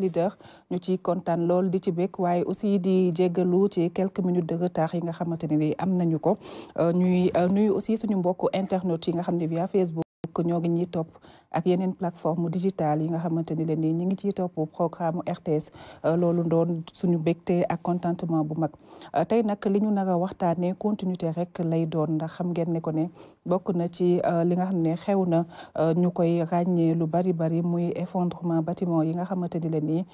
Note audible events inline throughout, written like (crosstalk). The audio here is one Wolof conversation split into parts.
leader ñu ci kontaan lool di ci bég waaye aussi di jéggalu ci quelques minutes de retard yi nga xamante ne am nañu ko euh, ñuy euh, nuyu aussi suñu mbokku internet yi nga xam ne via Facebook ñoo gi ñuy topp ak yeneen plateforme digitale yi nga xamante ni leen nii ñi ngi ciy topp programme RTS euh, loolu ndoon suñu bégte ak contentement bu mag euh, tey nag li ñu nar a waxtaanee continuité rek lay doon ndax xam ngeen ne ko ne bokk na ci euh, li nga xam ne xew na ñu koy ràññee lu bari bari muy effondrement bâtiment yi nga xamante ni leen nii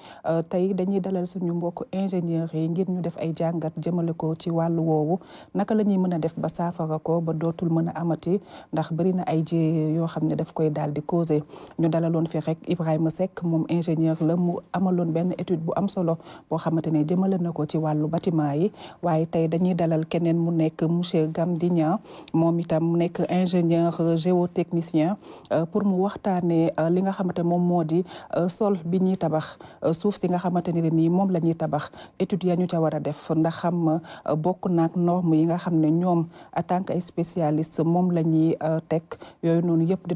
tey dañuy dalal suñu mbokk ingénieurs yi ngir ñu def ay jàngat jëmale ko ci wàllu woowu naka la ñuy mën a def ba saafara ko ba dootul mën a amati ndax bari na ay jéye yoo xam ne daf koy daal proposé ñu dalaloon fi rek Ibrahima sekk moom ingénieur la mu amaloon benn étude bu am solo boo xamante ne jëmale na ko ci wàllu bâtiment yi waaye tey dañuy dalal keneen mu nekk monsieur Gamdigna moom itam mu nekk ingénieur géotechnicien euh, pour mu waxtaanee euh, li nga xamante moom moo di euh, sol bi ñuy tabax suuf si nga xamante ne nii moom la ñuy tabax étude ya ñu ca war a def ndax xam bokk naag norme yi nga xam ne ñoom en tant que ay spécialiste moom la ñuy teg yooyu noonu yëpp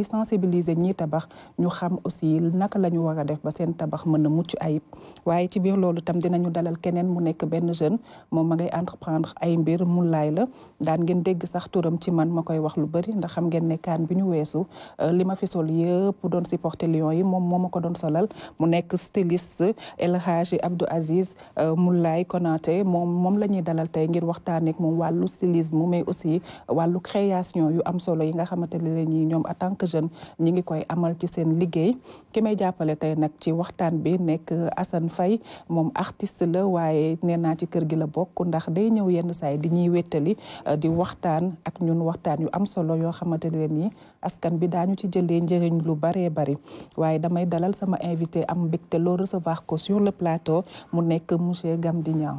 aussi sensibiliser ñiy tabax ñu xam aussi naka la ñu war a def ba seen tabax mën a mucc ayib waaye ci biir loolu tam dinañu dalal keneen mu nekk benn jeune moom ma ngay entreprendre ay mbir mu laay la daan ngeen dégg sax turam ci man wax lu ndax xam ngeen bi ñu euh, fi sol yëpp doon supporter lion yi ko doon solal mu nekk styliste El Hadji Abdou Aziz euh, Moulay konate moom moom la dalal tey ngir waxtaaneeg moom wàllu stylisme mais aussi wàllu création yu am solo yi nga xamante ne en tant que jeunes ñi ngi koy amal ci seen liggéey ki may jàppale tey nag ci waxtaan bi nekk Assane Faye moom artiste la waaye nee naa ci kër gi la bokk ndax day ñëw yenn saay di ñuy wéttali euh, di waxtaan ak ñun waxtaan yu am solo yoo xamante ne nii askan bi daañu ci jëlee njëriñ lu baree bari waaye damay dalal sama invité am mbégte loo recevoir ko sur le plateau mu nekk monsieur Gam di ñaaw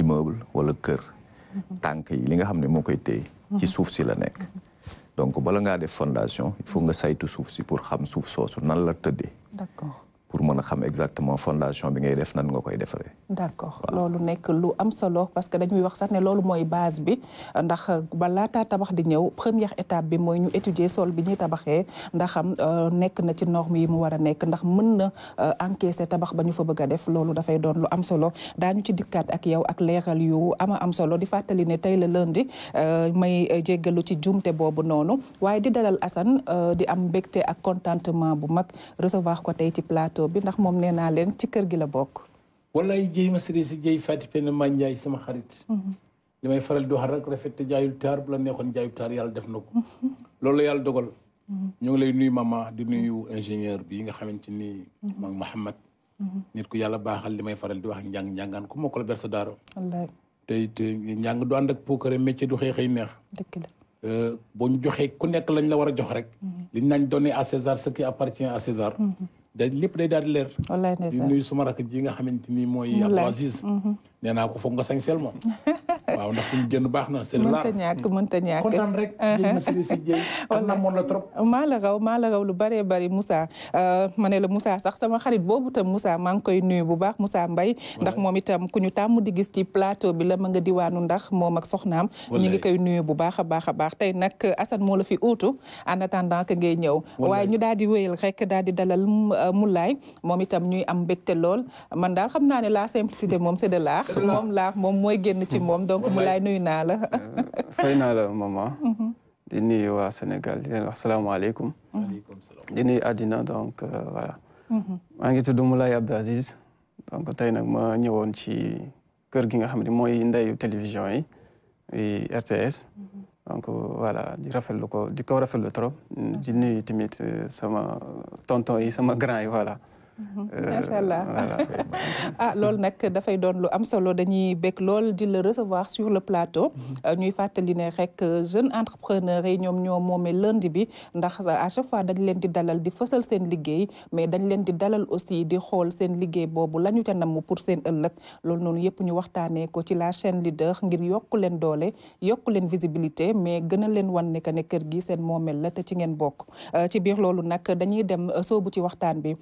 immeuble wala kër tànk yi li nga xam ne moo koy téye ci suuf si la nekk donc bala ngaa def fondation il nga saytu suuf si pour xam suuf soosu nan la tëddee pour mën a xam exactement fondation bi ngay def nan nga koy defaree. d'accord loolu nekk lu am solo parce que dañuy wax sax ne loolu mooy base bi ndax balaataa tabax di ñëw première étape bi mooy ñu étudier sol bi ñuy tabaxee ndax am euh, nekk na ci norme yi mu war a nekk ndax mën na euh, encaisser tabax ba ñu fa bëgg a def loolu dafay doon lu am solo daañu ci dikkaat ak yow ak leeral yu ama am solo di fàttali ne tey la lundi euh, may jéggalu ci jumte boobu noonu waaye di dalal Assane di am mbégte ak contentement bu mag recevoir ko tey ci plateau. hôpital bi ndax moom nee leen ci kër gi la bokk. walaay jéy ma sëriñ si jéy Fatick Penda Man Ndiaye sama xarit. Mhm. li may faral di wax rek rafet te jaayul bu la neexoon jaayul taar yàlla def na ko. Mhm. loolu la yàlla dogal. Mhm. ñu di nuyu ingénieur bi nga xamante ni. maag Mouhamad. nit ku yàlla baaxal li may faral di wax njàng njàngaan ku mokkal bersa daaro te it eh, njàng du ànd ak puukare métier du xëy xëy neex. dëgg eh, boo ñu joxee ku nekk lañ la war a jox rek. liñ nañ donné à César ce qui appartient à César. da lépp day daal di leer. wallaay ndeysaan di nuyu suma rakk ji nga xamante ni mooy. Abdou Aziz mm-hmm. nee naa ko foog nga sañsel moom (laughs) waaw ndax suñu génn baax na c'est la mënta ñàkk mënta ñàkk kontaan rek (laughs) na moon maa la raw maa la lu bëree bëri Moussa euh, ma ne la Moussa sax sama xarit boobu tam Moussa maa ngi koy nuyu bu baax Moussa Mbaye ndax moom itam ku ñu tàmm di gis ci plateau bi la ma nga diwaanu ndax moom ak soxnaam ñu ngi koy nuyu bu baax a baax a baax tey nag Assane moo la fi uutu en attendant que ngay ñëw waaye ñu daal di wéyal rek daal di dalal euh, Moulay moom itam ñuy am mbégte lool man daal xam naa ne la simplicité moom c'est de moom laax moom mooy génn ci moom donc mu laay nuyu naa la (laughs) fay naa la maman di nuyu waa Sénégal di leen wax salaamaaleykum di nuyu àddina donc euh, voilà mhm. maa ngi tudd Moulay Abdou donc tey nag ma ñëwoon ci kër gi nga xam ne mooy ndeyu télévision yi RTS donc voilà di rafetlu ko di ko rafetlu trop di nuyu tamit euh, sama tonton yi sama grand yi voilà Euh, macha allah (laughs) ah loolu nag dafay doon lu am solo dañuy bég lool di la recevoir sur le plateau. Mm-hmm. Euh, ñuy fàttali ne rek euh, jeune entrepreneur yi ñoom ñoo moomee lënd bi ndax à chaque fois dañ leen di dalal di fësal seen liggéey mais dañ leen di dalal aussi di xool seen liggéey boobu la ñu ca namm pour seen ëllëg loolu noonu yëpp ñu waxtaanee ko ci la chaîne leader ngir yokk leen doole yokk leen visibilité mais gën leen wan ne que ne kër gi seen moomeel la te ci ngeen bokk ci biir loolu nag dañuy dem soobu ci waxtaan bi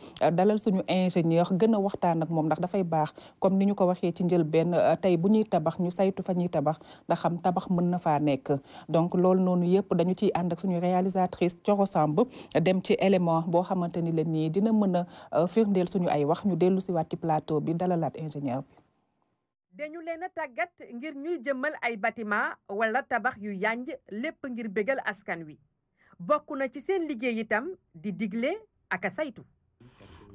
suñu ingénieur gën a waxtaan ak moom ndax dafay baax comme ni ñu ko waxee ci njël benn euh, tey bu ñuy tabax ñu saytu fa ñuy tabax ndax xam tabax mën na faa nekk donc loolu noonu yëpp dañu ciy ànd ak suñu réalisatrice Coro Samb dem ci élément boo xamante ni leen nii dina mën a euh, firndeel suñu ay wax ñu dellu si waat ci plateau bi dalalaat ingénieur bi dañu leen a tàggat ngir ñuy jëmmal ay bâtiment wala tabax yu yànj lépp ngir bégal askan wi bokk na ci seen liggéey itam di digle ak saytu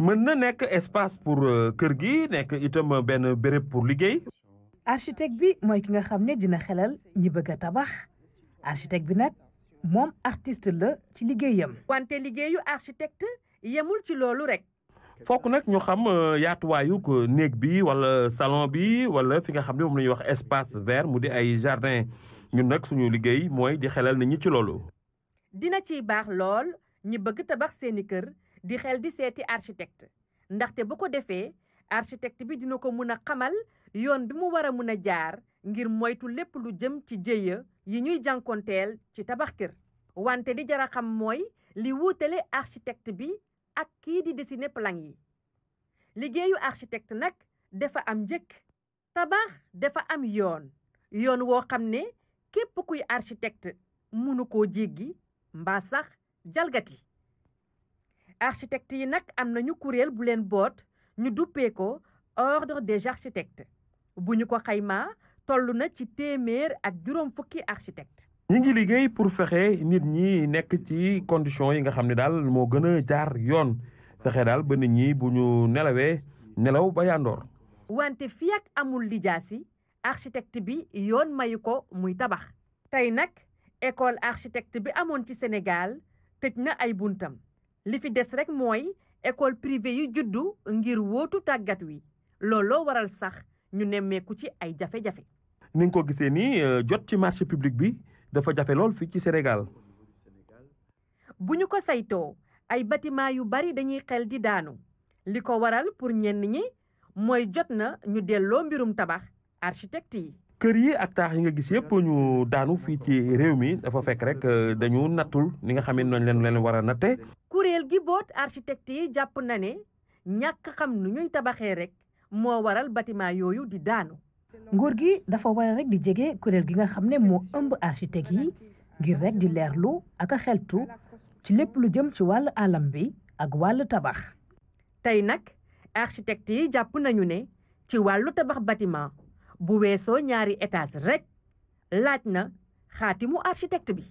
mën na nekk espace pour euh, kër gi nekk itam benn béréb pour liggéey. architecte bi mooy ki nga xam ne dina xelal ñi bëgg a tabax architecte bi nag moom artiste la ci liggéeyam. wante liggéeyu architecte yemul ci loolu rek. fokk nag ñu xam euh, yaatuwaayu néeg bi wala salon bi wala fi nga xam ne moom la ñuy wax espace vert mu di ay jardin ñun nag suñu liggéey mooy di xelal nañu ci loolu. dina ciy baax lool ñi bëgg tabax seeni kër. di xel di seeti architecte ndaxte bu ko defee architecte bi dina ko mën a xamal yoon bi mu war a mun a jaar ngir moytu lépp lu jëm ci jéya yi ñuy jànkonteel ci tabax kër wante di jara xam mooy li wuutale architecte bi ak kii di dessiner plan yi liggéeyu architecte nag dafa am njëkk tabax dafa am yoon yoon woo xam ne képp kuy architecte mënu koo jéggi mbaa sax jalgati architectes yi nag am nañu kuréel bu leen boot ñu duppee ko ordre des architectes bu ñu ko xayma toll na ci téeméer ak juróom fukki architecte ñi ngi liggéey pour fexe nit ñi nekk ci conditions yi nga xam ne daal moo gën a jaar yoon fexe daal ba nit ñi bu ñu nelawee nelaw ba yàndoor wante fii ak amul lijaasi architecte bi yoon mayu ko muy tabax tey nag école architecte bi amoon ci Sénégal tëj na ay buntam li fi des rek mooy école privée yi juddu ngir wóotu tàggat wi looloo waral sax ñu nemmeeku ci ay jafe-jafe. ni ko gisee nii euh, jot ci marché public bi dafa jafe lool fii ci Sénégal. bu ñu ko saytoo ay bâtiment yu bari dañuy xel di daanu li ko waral pour ñenn ñi mooy jot na ñu delloo mbirum tabax architecte yi. kër yi ak taax yi nga gis yëpp ñu daanu fii ci réew mi dafa fekk rek euh, dañu nattul ni nga xam ne noonu leen leen war a natte kuréel gi boot architecte yi jàpp na ne ñàkk xam nu ñuy tabaxee rek moo waral bâtiment yooyu di daanu nguur gi dafa war rek di jege kuréel gi nga xam ne moo ëmb architecte yi ngir rek di leerlu ak a xeltu ci lépp lu jëm ci wàllu alam bi ak wàllu tabax tey nag architecte yi jàpp nañu ne ci wàllu tabax bâtiment bu weesoo ñaari étage rekk laaj na xaatimu architecte bi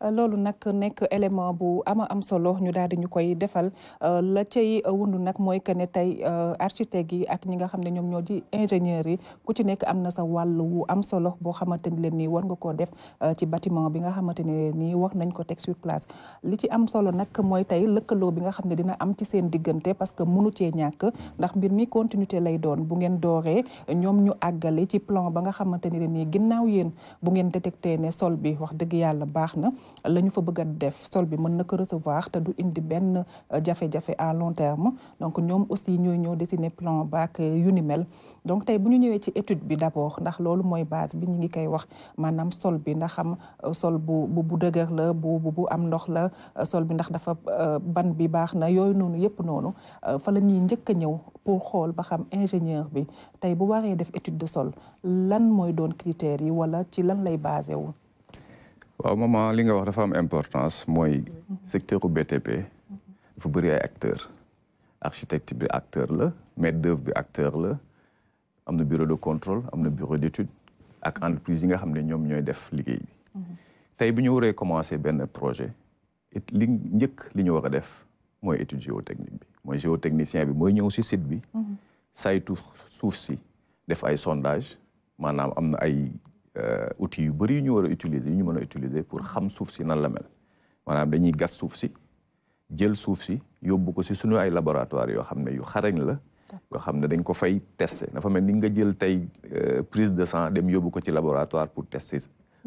Euh, loolu nag nekk élément bu ama am solo ñu daal di ñu koy defal euh, la cay wundu nag mooy que ne tey euh, architecte yi ak ñi nga xam ne ñoom ñoo di ingénieurs yi ku ci nekk am na sa wàll wu am solo boo xamante ni leen nii war nga koo def ci bâtiment bi nga xamante ne nii wax nañ ko teg sur place li ci am solo nag mooy tey lëkkaloo bi nga xam ne dina am ci seen diggante parce que munu cee ñàkk ndax mbir mi continuité lay doon bu ngeen dooree ñoom ñu àggale ci plan ba nga xamante ni leen nii ginnaaw yéen bu ngeen détecté ne sol bi wax dëgg yàlla baax na lañu fa bëgg def sol bi mëna ko recevoir té du indi ben euh, jafé jafé à long terme donc ñom aussi ñoy ñëw dessiner plan bac euh, yu mel donc tay buñu ñëwé ci étude bi d'abord ndax loolu moy base bi ñi ngi kay wax manam sol bi ndax am euh, sol bu bu deugër la bu bu am ndox la sol bi ndax dafa ban bi baax na yooyu noonu yëpp noonu fa la ñi ñëk a ñëw pour xol ba xam ingénieur bi tay bu waré def étude de sol lan moy doon critère yi wala ci lan lay basé wu waaw maman li nga wax dafa am importance Moi, secteur au BTP vous bëri ay acteur architecte bi acteur le, maître d'œuvre bi acteur le, am na bureau de contrôle am na bureau d'étude ak entreprise yi nga xam ne ñoom ñooy def liggéey bi tey bi ñu waree commencer projet li njëkk li ñu war a def mooy étude géotechnique bi géotechnicien bi mooy ñëw aussi site bi saytu suuf si def ay sondage manam am ay euh, outils yu bari ñu wara utiliser ñu mëna utiliser pour xam suuf ci nan la mel maanaam dañuy gas suuf ci jël suuf ci yóbbu ko si suñu ay laboratoire yo xam yu xarañ la yoo xam dañ ko fay tester dafa mel ni nga jël tay euh, prise de sang dem yóbbu ko ci laboratoire pour tester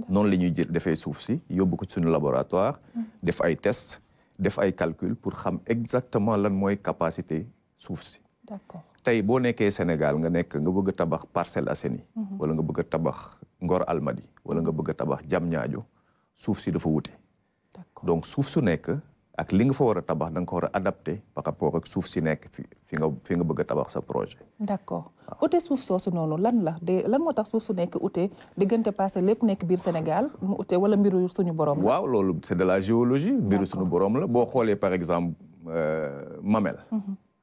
non li ñuy jël defee suuf si yóbbu ko ci suñu laboratoire mhm. def ay test def ay calcul pour xam exactement lan moy capacité suuf ci d'accord tey boo nekkee Sénégal nga nekk nga bëgg tabax Parcelles Assainies mhm. wala nga bëgg tabax Ngor Almadi wala nga bëgg a tabax Diamniadio suuf si dafa wute donc suuf su nekk ak li nga fa tabax ko adapté par rapport ak suuf si nekk fi nga fi nga bëgg tabax sa projet d'accord ute suuf soosu noonu lan la de lan moo tax suuf su nekk bir Senegal, passé lépp nekk biir Sénégal mu wala mbiru suñu borom la waaw loolu c'est de la géologie mbiru suñu borom la bohole par exemple euh, Mamel mhm.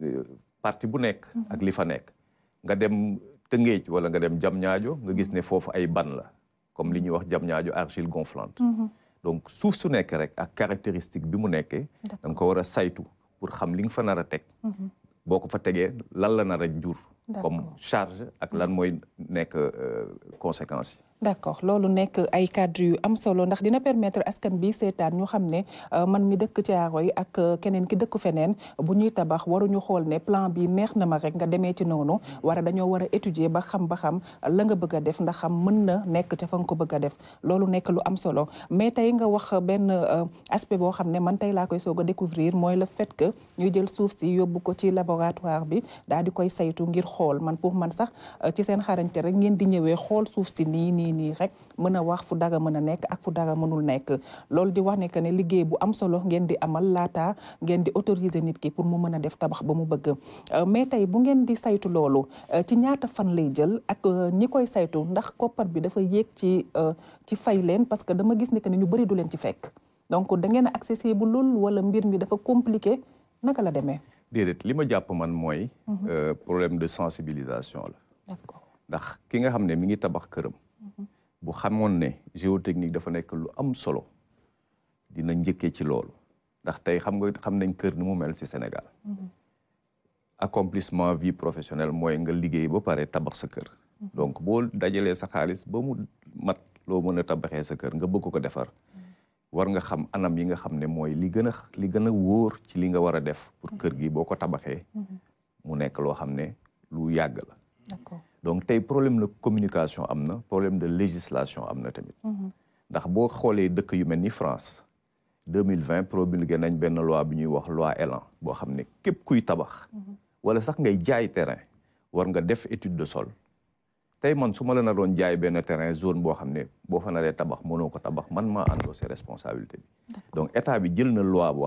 Euh, parti bu nekk ak li fa nekk nga dem Tëngéej wala nga dem jam Jamñaajo nga gis ne foofu ay ban la comme li ñuy wax Jamñaajo argile gonflante mhm. donc suuf su nekkee rek ak caractéristique bi mu nekkee danga ko war a saytu pour xam li nga fa nar a teg mhm. boo ko fa tegee lan la nar a jur comme charge ak lan mooy nekk euh, conséquences yi d'accord loolu nekk ay cadre yu am solo ndax dina permettre askan bi seetaan ñu xam ne euh, man mi dëkk Caaroy ak euh, keneen ki dëkk feneen bu ñuy tabax waruñu xool ne plan bi neex na ma rek nga demee ci noonu wara dañoo war a étudier ba xam ba xam la nga bëgg a def ndax xam mën na nekk ca fa nga ko bëgg a def loolu nekk lu am solo mais tey nga wax benn euh, aspect boo xam ne man tey laa koy soog a découvrir mooy le fait que ñu jël suuf si yóbbu ko ci laboratoire bi daal di koy saytu ngir xool man pour man sax ci seen xarañte rek ngeen di ñëwee xool suuf si ngi nii rek mën a wax fu dara mën a nekk ak fu dara mënul nekk loolu di wax ne que ne liggéey bu am solo ngeen di amal laata ngeen di autoriser nit ki pour mu mën a def tabax ba mu bëgg euh, mais tey bu ngeen di saytu loolu euh, ci ñaata fan lay jël ak euh, ñi koy saytu ndax koppar bi dafa yéeg ci ci fay leen parce que dama gis ne que ne ñu bëri du leen ci fekk donc da ngeen accessible lool wala mbir mi dafa compliqué naka la demee. déedéet li ma jàpp man mooy. Mhm. problème de sensibilisation la. d'accord ndax ki nga mi tabax këram. bu xamoon ne géotechnique dafa nekk lu am solo dina njëkkee ci loolu ndax tey xam nga xam nañ kër ni mu mel si Sénégal mm-hmm. accomplissement vie professionnel mooy nga liggéey ba pare tabax sa kër mm-hmm. donc boo dajalee sa xaalis ba mu mat loo mën a tabaxee sa kër nga bëgg ko defar mm-hmm. war nga xam anam yi nga xam ne mooy li gën a li gën a wóor ci li nga war a def pour kër gi boo ko tabaxee mu nekk loo xam ne lu yàgg la donc un problème de communication un problème de législation am tamit. Mhm. ndax y a yu France en la loi bi ñuy wax loi Elan a képp kuy tabax. Mhm. wala vous avez un terrain étude de sol. la terrain zone vous fa tabac, tabax donc loi vous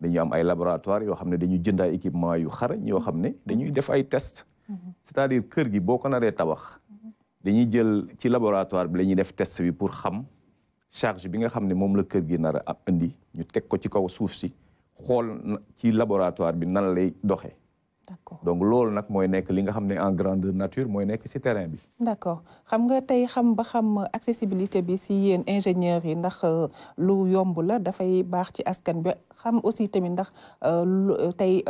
dañu am ay laboratoire yoo xam ne dañu jënd ay équipement yu xarañ yoo xam ne dañuy def ay test mm-hmm. c'est-à-dire kër gi boo ko naree tabax mm-hmm. dañuy jël ci laboratoire bi la ñuy def test bi pour xam charge bi nga xam ne moom la kër gi nar a indi ñu teg ko ci kaw suuf si xool ci laboratoire bi nan lay doxee d'accord donc lol, nak moy nek li nga xamné en grande nature moy nek ci terrain bi. d'accord xam nga tay xam ba xam accessibilité bi ci yéen ingénieur yi ndax euh, lu yomb la da fay bax ci askan bi xam aussi tamit ndax tay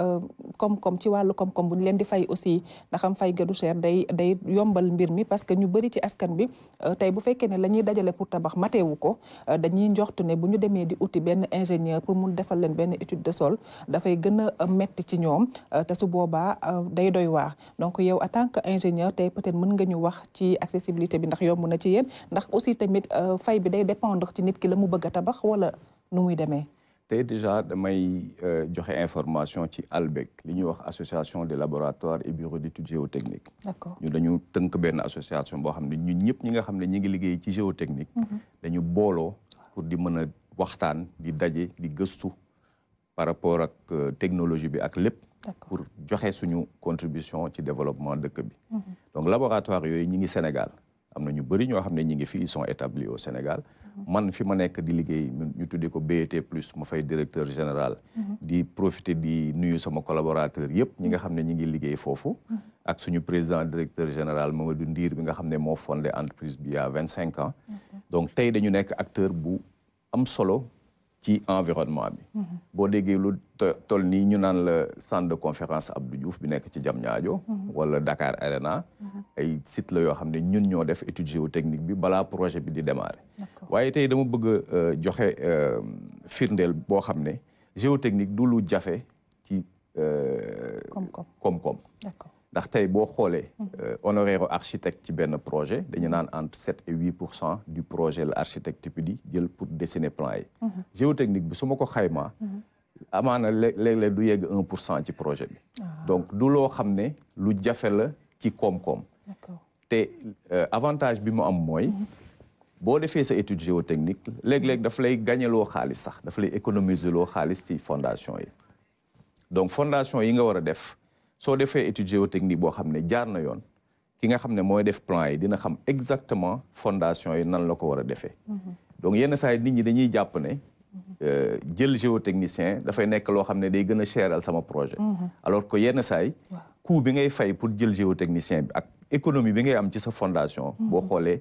comme comme ci walu comme comme buñ len di fay aussi ndax am fay gëdu cher day day yombal mbir mi parce que ñu bari ci askan bi euh, tay bu fekkee ne la ñuy pour tabax mateewu ko euh, dañuy njortu ne buñu démé di outil ben ingénieur pour mu defal len ben étude de sol da fay gëna metti ci ñom te su boobaa euh, day doy donc en tant qu'ingénieur, peut-être mën nga ñu wax ci accessibilité bi ndax aussi euh, dépendre ci nit ki déjà damay euh, information ci ALBEC li association des laboratoires et bureaux d'études géotechniques. d'accord ñu dañu association bo ñun ñëpp ñi géotechnique. Mhm. pour di waxtaan di par rapport ak technologie pour joxe suñu contribution ci développement dëkk bi donc laboratoire yooyu ñi ngi Sénégal am na ñu bëri ñoo xam ne ñi ngi fii ils sont établis au Sénégal man fi ma nekk di liggéey ñu tuddee ko BET plus ma fay directeur général di profiter di nuyu sama collaborateur yëpp ñi nga xam ne ñi ngi liggéey foofu ak suñu président directeur général du Ndiir bi nga xam ne moo fondé entreprise bi il vingt cinq ans donc tey dañu nekk acteur bu am solo ci environnement bi. Mhm. bo déggee lu tol ñu naan le centre de conférence Abdou Diouf bi nek ci Diamniadio. Mhm. wala Dakar Arena. Mhm. ay site la yo xamné ñun ñoo def étude géotechnique bi bala projet bi di démarrer. waaye tay dama bëgg euh, joxé Firndel euh, firndeel boo géotechnique du lu jafé ci. euh comme comme d'accord D'arte et Bocholé, honoraire architecte de notre projet, de nous entre 7 et 8 du projet de l'architecte Pudi pour dessiner le plan. Mhm. Géotechnique, si je suis en train avant de faire 1 du projet. Ah. Donc, nous avons fait ce que nous avons fait pour nous. Et l'avantage que nous avons, si on fait cette étude géotechnique, on va gagner le chalice, on va économiser le chalice dans fondation fondations. Donc, fondation, fondations, ce que nous fait, soo defee étude géotechnique boo xam ne jaar na yoon ki nga xam ne mooy def plan yi dina xam exactement fondation yi nan la ko war a defee mhm. donc yenn saa yi nit ñi dañuy jàpp ne euh, jël géotechnicien dafay nekk loo xam ne day gën a cheral sama projet mhm. alors que yenn saa yi coût bi ngay fay pour jël géotechnicien bi ak économie bi ngay am ci sa fondation mhm. boo xoolee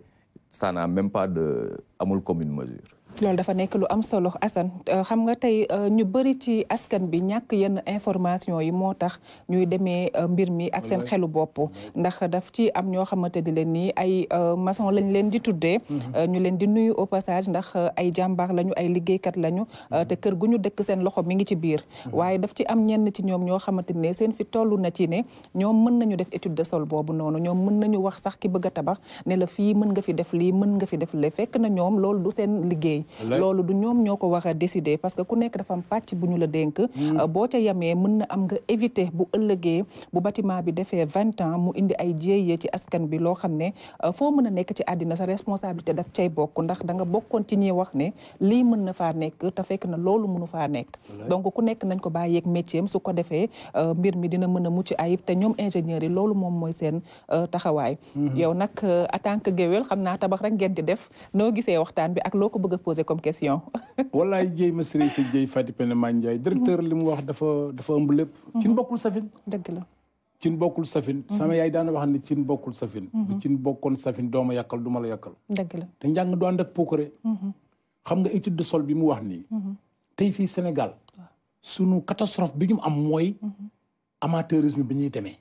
ça n'a même pas de amul commune mesure loolu dafa nekk lu am solo Assane euh, xam nga tey euh, ñu bëri ci askan bi ñàkk yenn information yi moo tax ñuy demee euh, mbir mi ak seen xelu bopp ndax daf ci am ñoo xamante di leen nii ay maçon lañ leen di tuddee mhm. ñu leen di nuyu au passage ndax ay jàmbaar lañu ay liggéeykat lañu mhm. te kër gu ñu dëkk seen loxo mi ngi ci biir mhm. waaye daf ci am ñenn ci ñoom ñoo xamante ne seen fi toll na ci ne ñoom mën nañu def étude de sol boobu noonu ñoom mën nañu wax sax ki bëgg tabax ne la fii mën nga fi def lii mën nga fi def lee fekk na ñoom loolu du seen liggéey loolu du ñoom ñoo ko war a parce que ku nekk dafa am bu ñu la dénk hmm. boo ca yamee mën na am nga évité bu ëllëgee bu batiment bi defee vingt ans mu indi ay jéeye ci askan bi loo xam ne euh, foo mën a nekk ci àddina sa responsabilité daf cay bokk ndax danga bokkoon ci ñi wax ne lii mën na faa nekk te fekk na loolu mënu faa nekk donc ku nekk nañ ko bàyyeeg métier am su ko defee euh, mbir mi dina mën a mucc ayib te ñoom ingénieur yi loolu moom mooy seen euh, taxawaay hmm. yow nag en tant que géwél xam naa tabax rek ngeen di def noo gisee waxtaan bi ak loo ko bëgg posé comme question. walaay Dieye Massiré Sy Dieye Faty Pelement Ndiaye directeur li mu wax dafa dafa ëmb lépp. Mhm. cin bokkul safin. dëgg la cin bokkul safin. Mhm. sama yaay daana wax ne cin bokkul safin. bu mhm. cin bokkoon safin dooma yàkkal du la yàkkal. te njàng du ànd ak puukare. xam nga étude de sol bi mu wax nii. tey fii Sénégal. sunu catastrophe bi ñu am mooy. amateurisme bi ñuy demee.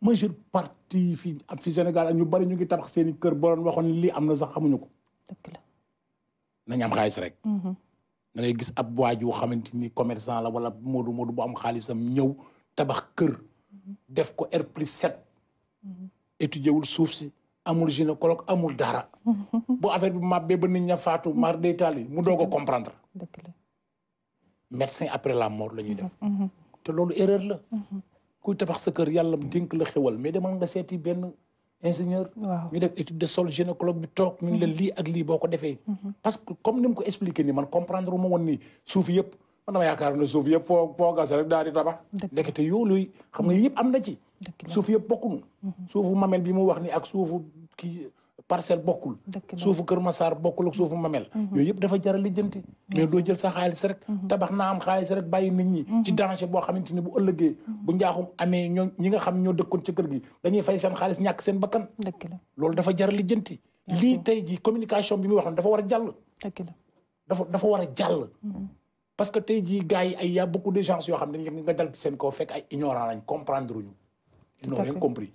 majeure partie fii fi Sénégal ak ñu bari ñu ngi tabax seen i kër boo doon waxoon lii am na sax ko. nañ am xaalis rek. na mhm. ngay gis ab waaj woo xamante ni commerçant la wala moodu moodu bu am xaalisam ñëw tabax kër. Mhm. def ko R plus set mhm. étudier wul suuf si amul gynécologue amul dara. bu affaire bi ba nit ña faatu mar day taal mu doog comprendre. médecin après la mort lañuy def. te loolu erreur la. kuy tabax sa kër yàlla dénk la xewal mais demal nga seeti benn. ingénieur ñu def de sol gynécologue bi toog ñu la mhm. lii ak lii boo ko defee mhm. parce que comme ni ko expliqué nii man comprendre u ma woon nii suuf yëpp man dama yaakaar ne suuf yëpp foo foo gas rek daal di tabax ndekete xam nga mhm. yëpp am na ci suuf yëpp bokkuñu suufu mamel bi mu wax ni ak suufu kii parcelle bokkul suufu Kër ma Massar bokkul ak suufu Mamel mhm. yooyu yëpp dafa jaral lijjanti mais doo jël sa xaalis rek mhm. tabax naa am xaalis rek bàyyi nit ñi mhm. ci danger xamante ni bu ëllëgee bu njaaxum amee ñoo ñi nga xam ñoo dëkkoon ci kër gi dañuy fay seen xaalis ñàkk seen bakkan loolu dafa jaral lijjanti lii tey ji communication bi muy wax dafa war a jàll dafa dafa war a jàll parce que tey jii gaa yi ay y a beaucoup de gens yoo xam ne nga dal seen koo fekk ay ignorant lañ comprendre uñu non rien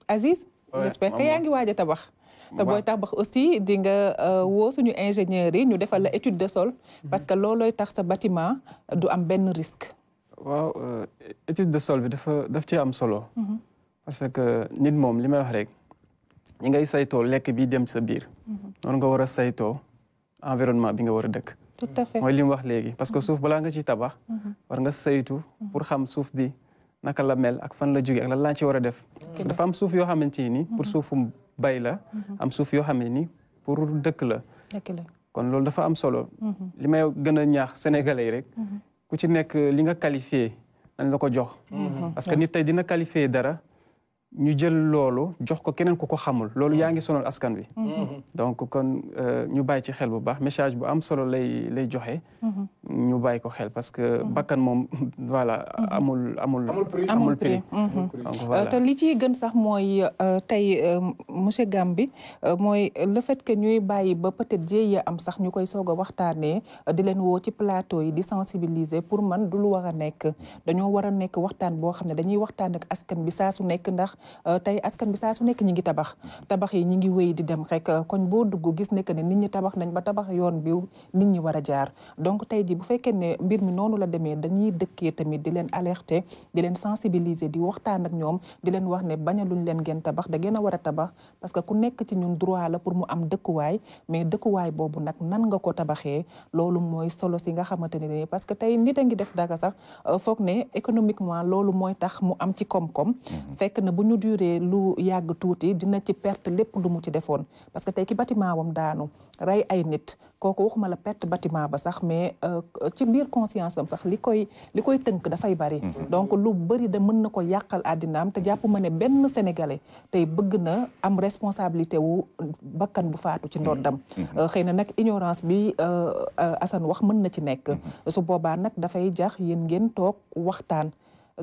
Aziz j'espère que yaa ngi waaj a tabax te booy tabax aussi di nga euh, woo suñu ingénieurs yi ñu defal la mm-hmm. étude de sol mm-hmm. parce que loolooy tax sa bâtiment du am benn risque waaw euh, étude de sol bi dafa daf ci am solo mm-hmm. parce que nit moom li may wax rek ñi ngay saytoo lekk bi dem sa biir noonu nga war a saytoo environnement bi nga war a dëkk tout à mooy li mu wax léegi parce que suuf balaa nga ci tabax war nga saytu pour xam suuf bi naka la mel ak fan la jóge ak la laa ci war a def parce que dafa am suuf yoo xamante ni pour mhm. suufu bay la mhm. am suuf yoo xam ne ni pour dëkk la kon loolu dafa am solo mhm. li may gën a ñaax sénégalais yi rek ku ci nekk li nga qualifié nañ la ko jox parce que nit tey dina qualifié dara ñu jël loolu jox ko keneen ku ko xamul loolu yaa ngi sonal askan wi mm-hmm. donc kon euh, ñu bàyyi ci xel bu baax message bu am solo lay lay joxe mm-hmm. ñu bàyyi ko xel parce que mm-hmm. bakkan moom (laughs) voilà amul amul amul euh, te li ci gën sax mooy euh, tey monsieur Gambi mooy le fait que ñuy bàyyi ba peut-être jéey am sax ñu koy soog a waxtaanee di leen woo ci plateau yi di sensibiliser pour man du lu nekk dañoo war a nekk waxtaan boo xam ne dañuy waxtaan ak askan bi saa su nekk ndax Euh, tey askan bi saa su nekk ñi ngi tabax tabax yi ñi ngi wéy di dem rek euh, koñ boo dugg gis ne que ne nit ñi tabax nañ ba tabax yoon bi nit ñi war a jaar donc tey ji bu fekkee ne mbir mi noonu la demee dañuy dëkkee tamit di leen alerter di leen sensibiliser di waxtaan ak ñoom di leen wax ne bañ luñ leen ngeen tabax da ngeen a war a tabax parce que ku nekk ci ñun droit la pour mu am dëkkuwaay mais dëkkuwaay boobu nag nan nga ko tabaxee loolu mooy solo si nga xamante ne ni parce que tey nit ngi def dara sax euh, foog ne économiquement loolu mooy tax mu am ci koom mu duré lu yàgg tuuti dina ci perte lépp lu mu ci defoon parce que tey ki bâtiment wam daanu rey ay nit kooku waxuma la perte bâtiment ba sax mais euh, ci biir conscience am sax li koy li koy tënk dafay bari. Mm-hmm. donc lu bari da mën na ko yàqal àddinaam te jàpp ma ne benn sénégalais tey bëgg na am responsabilité wu euh, bakkan bu faatu ci dam mm-hmm. euh, xëy na nag ignorance bi Assane wax mën na ci nekk. Mm-hmm. su boobaa nag dafay jax yéen ngeen toog waxtaan.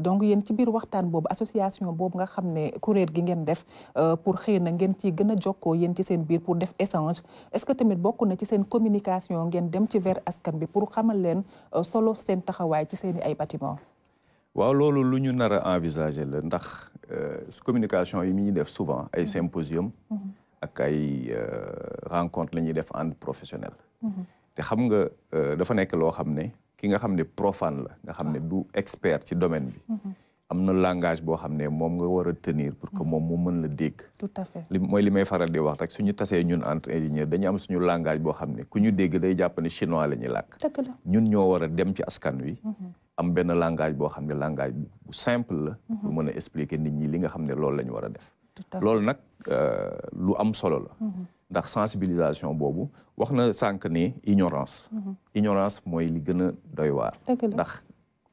donc yéen ci biir waxtaan bobu association bobu nga xamné ne gi ngeen def euh, pour xëy na ngeen ci gëna joko jokkoo ci seen biir pour def échange est-ce que tamit bokku na ci seen communication ngeen dem ci vers askan bi pour xamal leen euh, solo seen taxaway ci seen ay bâtiments waaw loolu lu ñu nar a envisager la ndax euh, communication yi mi ñuy def souvent ay mm-hmm. symposium mm-hmm. ak ay rencontre la ñuy def entre professionnel mm-hmm. te xam nga dafa nekk loo xam ne ki nga xam ne profane la nga xam ne du expert ci domaine bi mhm. am na langage boo xam ne moom nga war a tenir pour que mhm. moom mu mën la dégg li mooy li may faral di wax rek suñu tasee ñun entre ingénieur dañu am suñu langage boo xam ne ku ñu dégg day jàpp ne chinois la ñuy làkk ñun ñoo war a dem ci askan wi mhm. am benn langage boo xam ne langage bu simple la pour mën a expliquer nit ñi li nga xam ne loolu lañu ñu war a def loolu nag euh, lu am solo la ndax sensibilisation boobu wax na sànq ni ignorance mhm. ignorance mooy li gën a doy waar ndax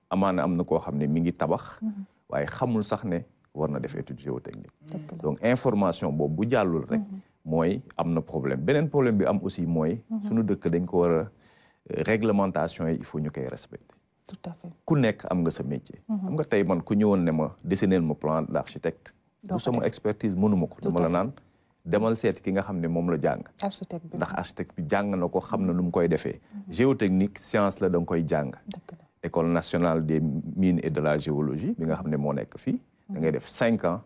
amaana am na koo xam ne mi ngi tabax mhm. waaye xamul sax ne war na def étude géotechnique donc information boobu bu jàllul rek mhm. mooy am na problème beneen problème bi am aussi mooy suñu dëkk dañ ko war a euh, réglementation yi foo ñu koy respecter tout ku nekk am nga sa métier am nga tey man ku ñëwoon ne ma dessiner ma plan d'architecte bu sama expertise mënuma ko dama la naan demal seet ki nga xam ne moom la jàng. architecte bi ndax architecte bi jàng na ko xam na nu mu koy defee. Mhm. géotechnique science la da nga koy jàng. école nationale des mines et de la géologie bi nga xam ne moo nekk fii. Mhm. da def cinq ans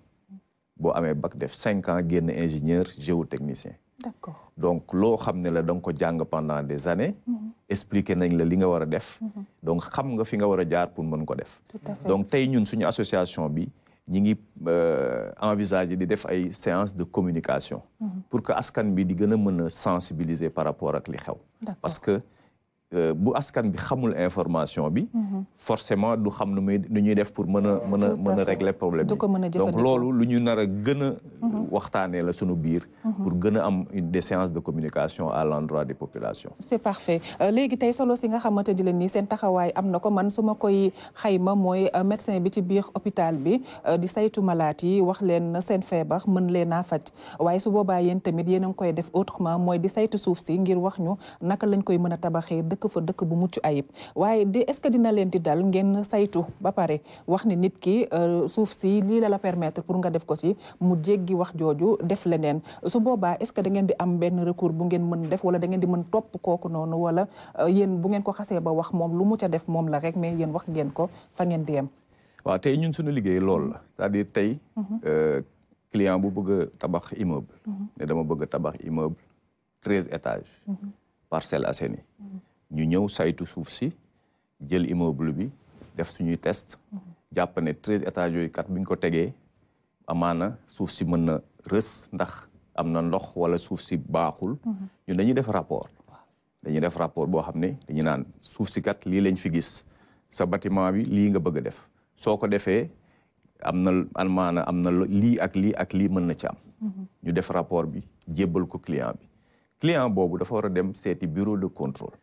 boo amee bac def cinq ans génn ingénieur géotechnicien. d'accord donc loo xam ne la danga ko jàng pendant des années. Mhm. expliqué nañ la li nga war a def. donc xam nga fi nga war a jaar pour mën ko def. donc tey ñun suñu association bi. Nous ngi euh, envisager de faire une séance de communication mm-hmm. pour que askan bi di sensibiliser par rapport à li xew parce que Euh, bu askan bi xamul information bi. Mhm. forcément du xam nu muy nu ñuy def pour mën a mën a mën a régler problème bi donc loolu lu ñu nar a gën a. Mhm. waxtaanee la sunu biir. Mhm. pour gën a am des séances de communication à l'endroit des populations. c'est parfait euh, léegi tey solo si nga xamante ne nii seen taxawaay am na ko man suma ma koy xayma mooy euh, médecin bi ci biir hôpital bi di saytu malaat yi wax leen seen feebar mën leen a faj waaye su boobaa yéen tamit yéen a ngi koy def autrement mooy di saytu suuf si ngir wax ñu naka dëkk fa dëkk bu mucc ayib waaye di est-ce que dina leen di dal ngeen saytu ba pare wax ni nit ki euh, suuf si lii la la permettre pour nga def ko ci mu jéggi wax def su est-ce da ngeen di am benn recours bu ngeen mën def wala da ngeen di mën topp kooku noonu wala euh, yen bu ngeen ko xasee ba wax mom lu mu def mom la rek mais yéen wax ngeen ko fa ngeen di yem. waaw tey ñun suñu liggéey loolu la c'est-à-dire mhm. euh, client bu bëgg a tabax immeuble. Mhm. ne dama bëgg a tabax immeuble treize étages. Mhm ñu ñëw saytu suuf si jël immeuble bi def suñuy test jàpp ne treize étages yooyu kat bu ñu ko tegee amaana suuf si mën na rës ndax am na ndox wala suuf si baaxul ñun dañuy def rapport dañuy def rapport boo xam ne dañu naan suuf si kat lii lañ fi gis sa bâtiment bi lii nga bëgg def soo ko defee am na almaana am na lii ak lii ak lii mën na ci am ñu def rapport bi jébbal ko client bi client boobu dafa war a dem seeti bureau de contrôle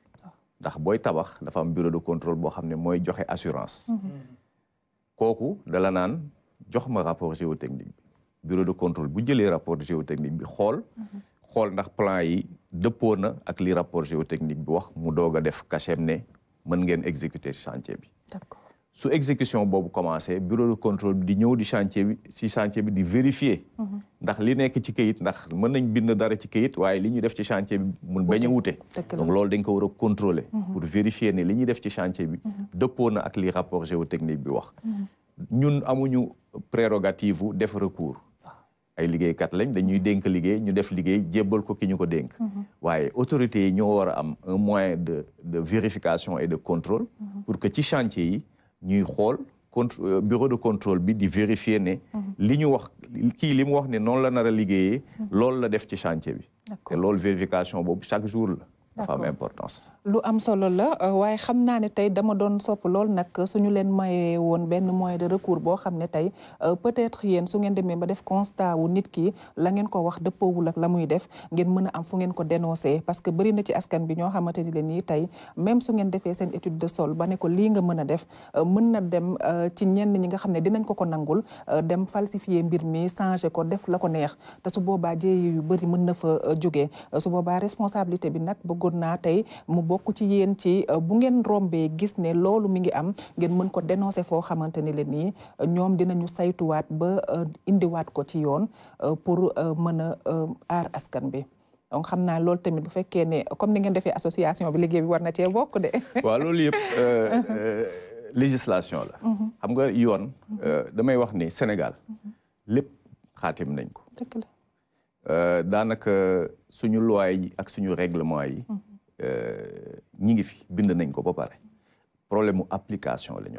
ndax booy tabax dafa am bureau de contrôle boo xam ne mooy joxe assurance. Mhm. kooku dala naan jox ma rapport géotechnique bi bureau de contrôle bu jëlee rapport géotechnique bi xool. Mhm. xool ndax plan yi dëppoo na ak li rapport géotechnique bi wax mu doog a def cachet ne mën ngeen exécuter chantier bi. sous exécution boobu commencé bureau de contrôle di ñëw di chantier bi si chantier bi di vérifier mm-hmm. ndax li nekk ci kayit ndax mën nañ bind dara ci kayit waye li ñu def ci chantier bi mun bañ a donc lool dañ ko wara contrôler mm-hmm. pour vérifier ne li ñuy def ci chantier bi mm-hmm. depo na ak li rapport géotechnique bi wax ñun amuñu prérogative def recours ah. ay kat lañ dañuy dénk liggéey ñu def liggéey jébbal ko ki ñu ko dénk waaye autorité yi ñoo war a am un moyen de de vérification et de contrôle pour que ci chantier yi ñuy euh, bureau de contrôle bi di vérifier ne. Mhm. li wax ne la a liggéeyee. Mhm. la chantier vérification chaque jour dafa am importance. lu am solo la euh, waaye xam naa ne tey dama doon sopp lool nag suñu leen maye woon benn moyen de recours boo xam ne tey euh, peut-être yéen su ngeen demee ba def constat wu nit ki la ngeen ko wax dëppoowul ak la muy def ngeen mën a am fu ngeen ko dénoncer parce que bëri na ci askan bi ñoo xamante ni leen nii tey même su ngeen defee seen étude de sol ba ne ko nga mën a def euh, mën na dem ci ñenn ñi nga xam ne dinañ ko ko nangul dem falsifier mbir mi changer ko def la ko neex te su boobaa jéey yu bëri mën na fa jógee su bëggoon naa tey mu bokk ci yéen ci euh, bu ngeen rombee gis ne loolu mi ngi am ngeen mën ko dénoncer foo xamante ne leen nii euh, ñoom dinañu saytuwaat ba euh, indiwaat ko ci yoon pour mën a aar askan bi donc xam naa loolu tamit bu fekkee ne comme ni ngeen defee association bi liggéey bi war na cee bokk de. (laughs) waaw loolu yëpp législation la. Mm-hmm. xam nga yoon. Mm-hmm. damay wax ni Sénégal mm-hmm. lépp xaatim nañ Euh, daanaka suñu loi yi ak suñu règlement yi mhm. euh, ñi ngi fi bind nañ ko ba pare problème mu application la am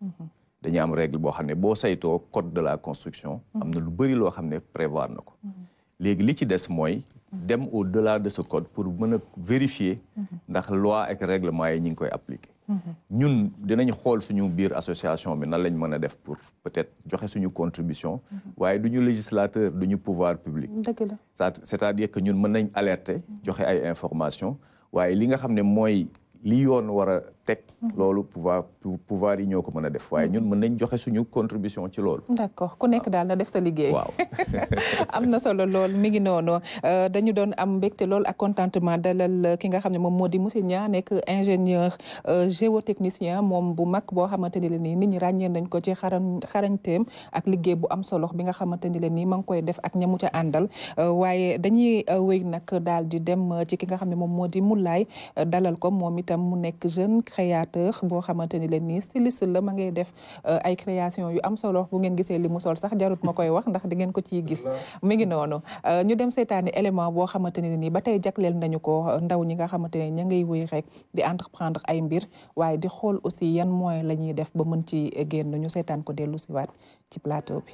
mhm. dañu am règle boo xam ne boo saytoo code de la construction mhm. am na lu bëri loo xam ne prévoir na ko léegi li ci des mooy dem au delà de ce code pour mën a vérifier ndax loi ak règlement yi ñi ngi koy appliquer ñun dinañ xool suñu biir association bi nan lañ mën a def pour peut-être joxe suñu contribution. waaye du ñu législateur du ñu pouvoir public. c'est-à-dire que ñun mën nañ alerter joxe ay informations waaye li nga xam ne mooy li yoon war a teg mhm. loolu pouvoir pouvoir yi ñoo ko mën a def waaye ñun mhm. mën nañ joxe suñu contribution ci loolu d'accord ku nekk daal na def sa liggéey (laughs) am na solo lool mi ngi noonu euh, dañu doon am mbégte lool ak contentement dalal ki nga xam ne moom moo di monsieur Niang nekk ingénieur euh, géotechnicien moom bu mag boo xamante ni la nii nit ñi ràññee nañ ko ci xaram xarañteem ak liggéey bu am solo bi nga xamante ni la nii ma ngi koy def ak ñamu ca àndal euh, waaye dañuy wéy nag daal di dem ci ki nga xam ne moom moo di Moulaye dalal ko moom itam mu nekk jeune créateur boo xamante ni leen nii styliste la ma ngay def euh, ay création yu am solo bu ngeen gisee li mu sol sax jarut ma koy wax ndax di ngeen ko ciy gis mi ngi noonu euh, ñu dem seetaani élément boo xamante ne nii ba tey jagleel nañu ko euh, ndaw ñi nga xamante ne ña ngay wéy rek di entreprendre ay mbir waaye di xool aussi yan moyen la ñuy def ba mën ci génn ñu seetaan ko dellu siwaat ci plateau bi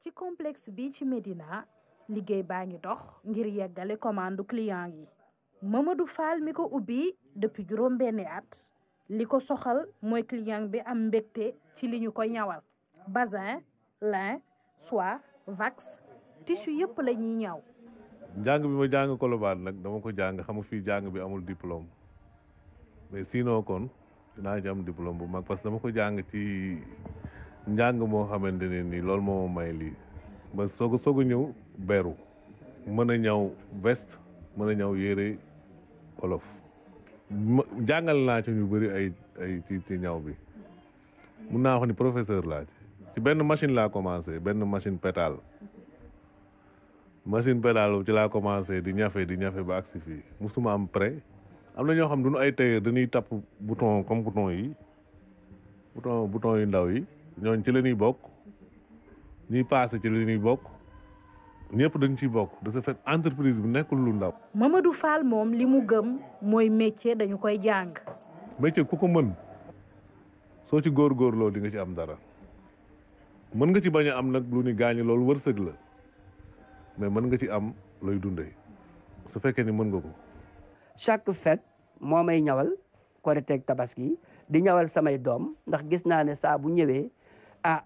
ci complexe bi ci Médina liggéey baa ngi dox ngir yeggale commande client Mamadou Fall mi ko ubbi depuis juróom benni at li ko soxal mooy client bi am mbégte ci li ñu ko ñawal bazin lin soie vax tissu yëpp la ñuy ñaw njàng bi ma jàng Colobane nag dama ko jàng xamu fi jàng bi amul diplôme mais sinon kon dinaa jam am bu mag parce que dama ko jàng ci njàng moo xamante ne nii loolu moo may lii ba soog a soog a ñëw beru mën a ñaw veste mën a ñaw yére olof jàngal naa ci ñu bëri ay ay ci ci ñaw bi mun naa wax ni professeur laa ci benn machine laa commencé benn machine pétale machine pétale ci laa commencé di ñafe di ñafe ba agsi fii musuma am prêt am na ñoo xam duñu ay tailleur dañuy tapp bouton comme bouton yi bouton bouton yu ndaw yi ñooñ ci la bokk ñuy passé ci la ñuy bokk ñëpp dañ ciy bokk de ce fait entreprise bi nekkul lu ndaw. Mamadou Fall moom li mu gëm mooy métier dañu koy jàng. métier ku ko mën soo ci góorgóorloo di nga ci am dara mën nga ci bañ am nag lu ni gaañu la mais mën nga ci am looy dundee su fekkee ni mën nga ko. chaque fête moo may ñawal korite ak tabaski di ñawal samay doom ndax gis naa ne sa bu ñëwee ah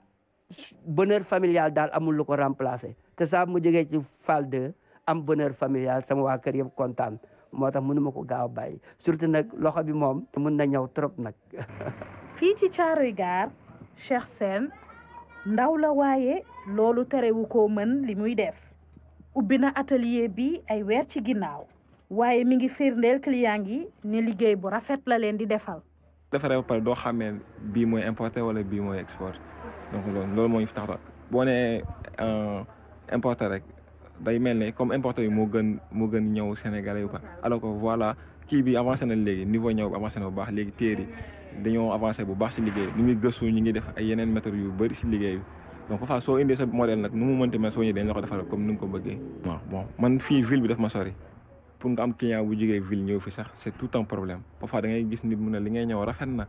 bonheur familial daal amul lu ko remplacer te saa mu jógee ci Fall 2 am bonheur familial sama waa kontan, yëpp kontaan moo tax mënuma ko gaaw bàyyi surtout nag loxo bi moom mën na ñëw trop nag (laughs) fii ci Caaroy Gaar Cheikh Sène ndaw la waaye loolu terewu li muy def ubbi na atelier bi ay wer ci ginnaaw waaye mi ngi firndeel client yi ni bu rafet la leen di defal defare ba pare doo xàmmee bii mooy importé wala bii mooy export donc loolu loolu moo importer rek day melni comme importer mo gën mo gën ñew sénégalais yu ba alors que voilà ki bi avancé na légui niveau ñew bi avancé na bu baax légui téré yi dañoo avancé bu baax ci liguey ñu ngi gëstu ñu ngi def ay yenen méthodes yu bari ci liguey donc Fafa so indi sa modèle nak nu mu mënti mel soo ñëwee dañ la ko defaral comme nu nga ko bëggé waaw bon man fi ville bi daf ma sori pour nga am client bu jugee ville ñew fi sax c'est tout un problème parfois da ngay gis nit mu ne li ngay ñew rafet na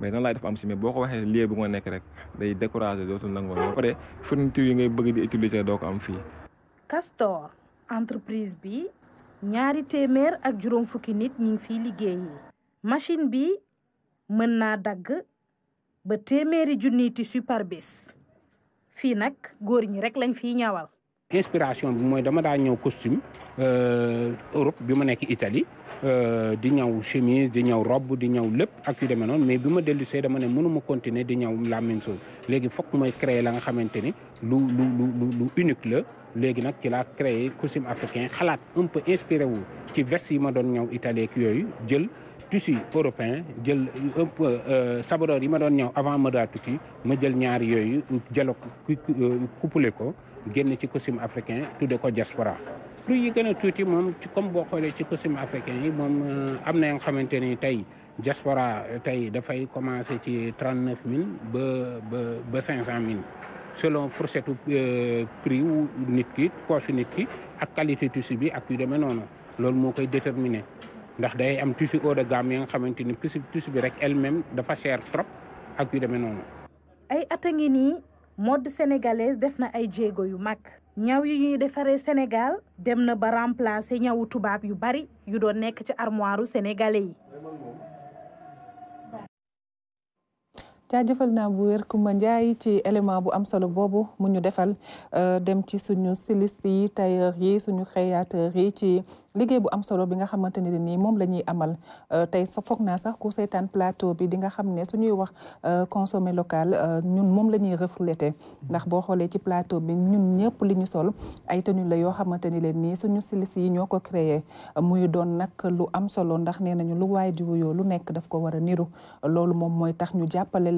mais noonu laay def am si mais boo ko waxee lieu bu nga nekk rek day découragé dootul nangoo ba pare fourniture yi ngay bëgg di utiliser doo ko am fii. Castor entreprise bi ñaari téeméer ak juróom fukki nit ñi ngi liggéey liggéeyee. machine bi mën naa dagg ba téeméeri junniy tissu fii nag góor ñi rek lañ fiy ñawal. inspiration bi mooy dama da ñew costume euh, Europe bima nek nekk Italie euh, di ñëw chemise di ñëw robe di ñëw lepp ak yu demee non mais bima ma sé see dama ne mënuma continuer di ñëw la même chose léegi foog mooy créer la nga xamante lu lu lu lu unique la légui nak ci l'a créer costume africain xalaat un peu inspiré wu ci veste yi ma doon ñëw Italie ak jël tissu européen jël euh, un peu sabadoor yi ma don ñëw avant ma daa tukki ma jël ñaar yooyu jël ko couplé ko génn ci costume africain tudde ko diaspora lu yi gën a tuuti moom ci comme boo xoolee ci costume africain yi moom euh, am na nga xamante ni tey diaspora euh, tey dafay commencé ci trente mille ba ba ba cinq mille selon fourchette euh, prix wu nit ki poosu nit ki ak qualité tissu bi ak yu demee noonu loolu moo koy déterminer ndax day am tissu haut de gamme yi nga xamante ni tissu bi rek elle-même dafa cher trop ak yu demee noonu. ay at a ngi nii mode sénégalaise def na ay jéego yu mag ñaw yi ñuy defaree Sénégal dem na ba remplacer ñawu tubaab yu bari yu doon nekk ci armoiru sénégalais yi jaajëfal naa bu wér Kumba Njaay ci élément bu am solo boobu mu ñu defal euh, dem ci suñu styliste yi tailleur yi suñu créateur yi ci liggéey bu am solo bi nga xamante ne nii moom la ñuy amal euh, tey foog naa sax ku seetaan bi di nga ne suñuy wax euh, consommer local ñun moom la ñuy refléter ndax boo xoolee ci plateau bi ñun ñëpp li ñu sol ay tenue la yoo xamante ni leen nii suñu styliste yi ñoo ko créé muy doon nag lu am solo ndax nee nañu lu waay di wuyoo lu nekk daf ko war a niru loolu moom mooy tax ñu jàppale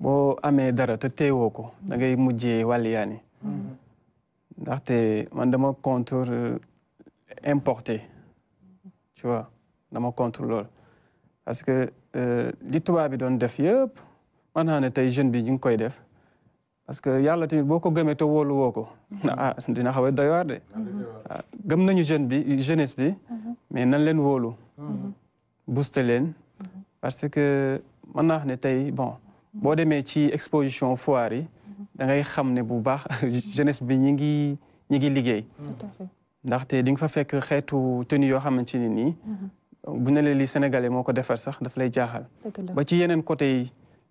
Je amé dara te da ngay wali yani, man dama contre euh, importé tu vois dama contre parce que euh, li tuba bi est def man jeune bi def parce que yalla tamit boko gëmé te woko, mhm. ah dina xawé doy de ah, gëm nañu jeune bi jeunesse mhm. mais nan mhm. booster parce que man ne bon boo demee ci exposition foire yi da ngay xam ne bu baax (laughs) jeunesse bi ñi ngi ñi ngi liggéey ndaxte di nga fa fekk xeetu tenue yoo xamante ni nii mm-hmm. bu ne li sénégalais moo ko defar sax daf lay jaaxal ba ci yeneen côté yi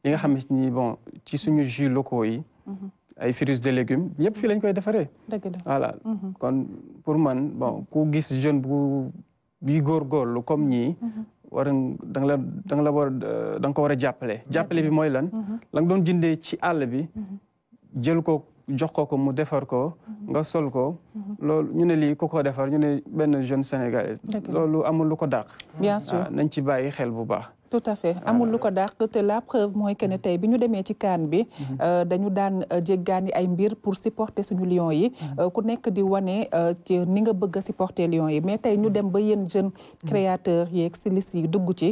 li nga xamante ni bon ci suñu jus locaux yi mm-hmm. ay fruits de légumes yëpp fii lañ koy defaree voilà mm-hmm. kon pour man bon ku gis jeune bu bi góorgóorlu comme ñii war da nga la da la war da nga ko war a jàppale jàppale bi mooy lan mhm. la nga doon jëndee ci àll bi mhm. jël ko jox ko ko mu defar ko mhm. nga sol ko loolu ñu ne lii ku ko defar ñu ne benn jeune sénégalais loolu amul lu ko dàq nañ ci bàyyi xel bu baax tout à fait ah amul lu ko dàq te la preuve mooy que ne mm-hmm. tey bi ñu demee ci kaan bi mm-hmm. euh, dañu daan euh, jéggaani ay mbir pour supporter suñu lion yi mm-hmm. euh, ku nekk di wane ci ni nga bëgg a supporter lion yi mais tey ñu dem ba yéen jeune créateur yeeg stylistes yi dugg ci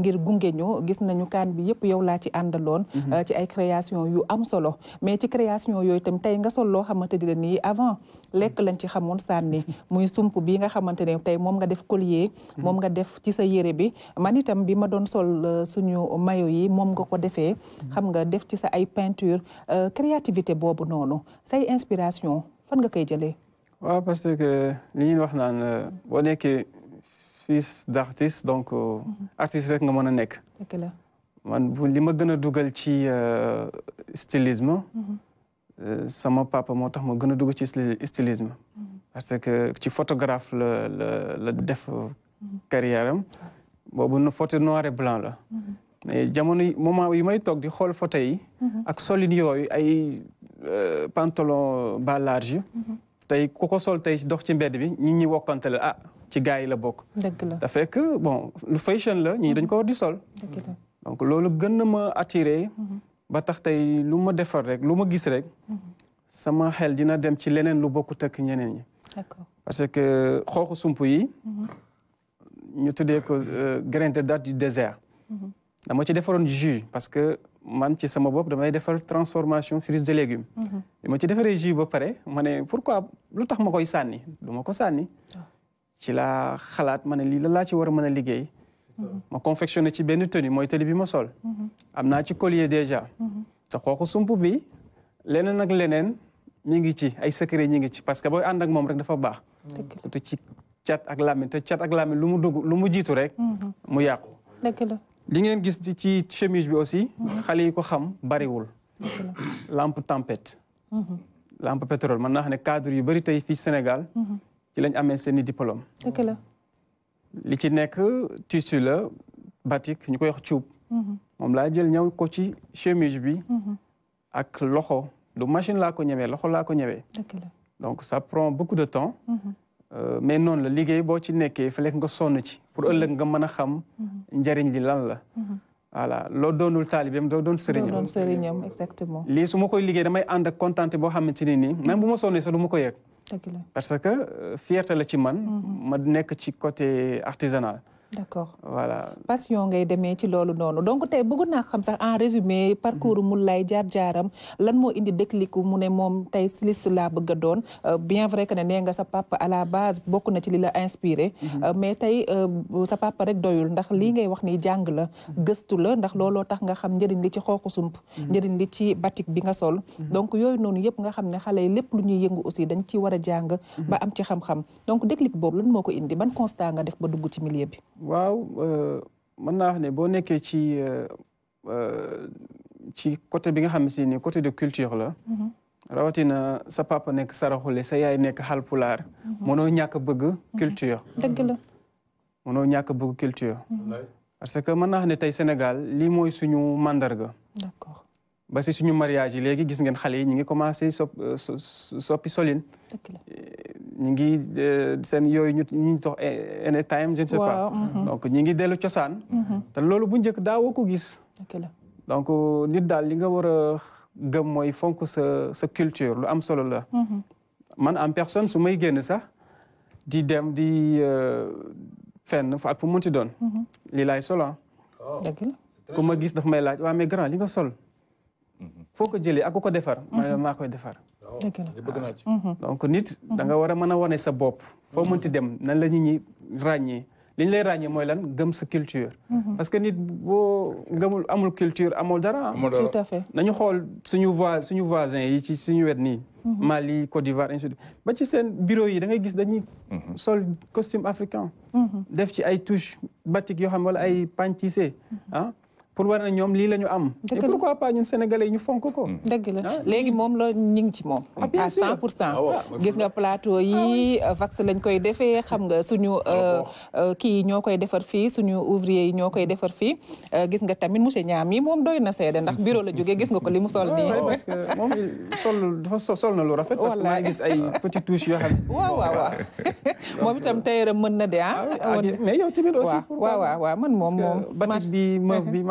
ngir gunge ñu gis nañu kaan bi yëpp yow laa ci àndaloon ci ay création yu am solo mais ci création yooyu tam tey nga sol loo xamante ni avant lekk lañ ci xamoon sànni muy sump bi nga xamante ne tey moom nga def collier moom nga def ci sa yére bi man itam bi ma doon sol euh, suñu mayo yi moom nga ko defee xam nga def ci sa ay peinture euh, créativité boobu noonu say inspiration fan nga koy jëlee waaw parce que li ñuy wax naan euh, boo nekkee fils d'artiste donc mhm. artiste rek nga mën a nekk man li ma gën a dugal ci stylisme mhm. sama papa moo tax ma gën dugg ci stylisme mm-hmm. parce que ci photographe la la la def carrière am boobu na photo noir et blanc la mm-hmm. mais jamono moment yi may toog di xool photo yi mm-hmm. ak solin yooyu ay euh, pantalon bas large tey ku ko sol tey dox ci mbedd bi ñi ñi wokkante la ah ci gars yi la bokk dëgg fekk bon fashion la ñii dañ ko war di sol loolu gën ma attiré ba tax tey lu ma defar rek lu ma gis rek sama xel dina dem ci leneen lu bokk ak ñeneen ñi parce que xooxu sump yi ñu tuddee ko euh, grain de date du désert dama ci defaroon jus parce que man ci sama bopp damay defar transformation fruits de légumes li mhm. ma ci defaree jus ba pare ma ne pourquoi lu tax ma koy sànni du ma ko sànni ci laa xalaat ma ne lii la laa ci war a mën a liggéey Mhm. ma confectionné ci benn tenue mooy tenue bi ma sol. Mhm. am naa ci collier déjà. Mhm. te xooxu sump bi leneen ak leneen mi ngi ci ay secret ñi ngi ci parce que boo ànd moom rek dafa baax. surtout ci cat ak làmmiñ cat ak lu mu dugg lu mu jiitu rek. mu yàqu. dëgg li ngeen gis ci chemise bi aussi. xale yi ko xam bariwul. lamp tempête. lamp pétrole mën naa xam ne cadre yu bari tey fii Sénégal. ci lañ amee seeni diplôme. li ci nekk tissu la batik ñu koy wax cuub mhm. moom laa jël ñëw ko ci chemise bi mhm. ak loxo lu machine laa ko ñëwee loxo laa ko ñëwee donc ça prend beaucoup de temps mhm. euh, mais noonu la liggéey boo ci nekkee fële nga sonn ci pour ëllëg nga mën a xam njariñ li lan la voilà loo doonul taalibeem doo doon sëriñam doo doon sëriñam exactement lii su ma koy liggéey damay ànd ak contenté boo xamante ni nii même bu ma sonnee sax du ma ko yëg parce que euh, fierté la ci man mm-hmm. ma nekk ci côté artisanal d' accord voilà passion ngay démé ci lolu noonu donc tay bëgguna xam sax en résumé parcours Moulay jaar-jaaram lan mo indi déclicu mu ne moom tey styliste la bëgg doon euh, bien vrai que né nga sa papa à la base bokku na ci lila inspiré mhm. euh, mais tay euh, sa papa rek doyul ndax li ngay wax ni jang la mhm. gëstu la ndax looloo tax nga xam njëriñ li ci xoxu sump mhm. njëriñ li ci batik bi nga sol donc yoy noonu yëpp nga xam né xalé yi lépp lu ñuy yëngu aussi dañ ci wara jang ba am ci xam-xam donc déclic boobu lan moko indi ban constat nga def ba dugg ci milieu bi waaw euh, mën naa wax ne boo nekkee ci euh, euh, ci côté bi nga xam si ni côté de culture la mhm. rawatina sa papa nekk saraxule sa yaay nekk xalpulaar mhm. mënoo ñàkk mhm. bëgg culture dëgg ñàkk bëgg culture parce que mën naa xam ne tey Sénégal lii mooy suñu mandarga d'accord ba si suñu mariage yi léegi gis ngeen xale yi ñu ngi commencé soppi solin ñu ngi e, seen yooyu ñu ñu ngi dox e, any time je ne sais mhm. donc ñu ngi dellu cosaan. Mhm. te loolu bu njëkk daawoo ko gis. donc nit daal li nga war a gëm mooy fonk sa sa culture lu am solo la. Mhm. man en personne su may génn sax di dem di e, fenn fa ak fu mu munti doon. lii lay solo ah. oh. ku ma gis daf may laaj waa mais grand li nga sol. foo ko jëlee ak ku ko defar. maa koy defar. bëgg naa ci donc nit da nga war a mën a wane sa bopp foo mënti mhm. dem nan la nit ñi ràññee li ñu lay ràññee mooy lan gëm sa culture mhm. parce que nit boo gëmul amul culture amul dara tout à fait nañu xool suñu voi suñu voisin yi ci suñu wet nii mhm. Mali Côte d'Ivoire ba ci seen bureau yi da ngay gis dañuy sol costume africain def ci ay touche batik yoo xam wala ay pantisé ah pour war na ñoom lii la am. Ah, léegi moom la ñu ngi ci moom. Ah, à cent pour cent ah, gis nga plateau yi euh, vax lañ koy defee xam nga suñu euh, kii ñoo koy defar fii suñu ouvrier yi ñoo koy mm-hmm. defar fii euh, gis nga tamit monsieur ñaam yi moom doy na seede ndax bureau la jógee gis nga ko li mu sol nii. parce que moom sol dafa sol na lu rafet. parce que maa gis ay petites touches xam ne. waaw waaw man moom moom. batik bi meuf bi (laughs)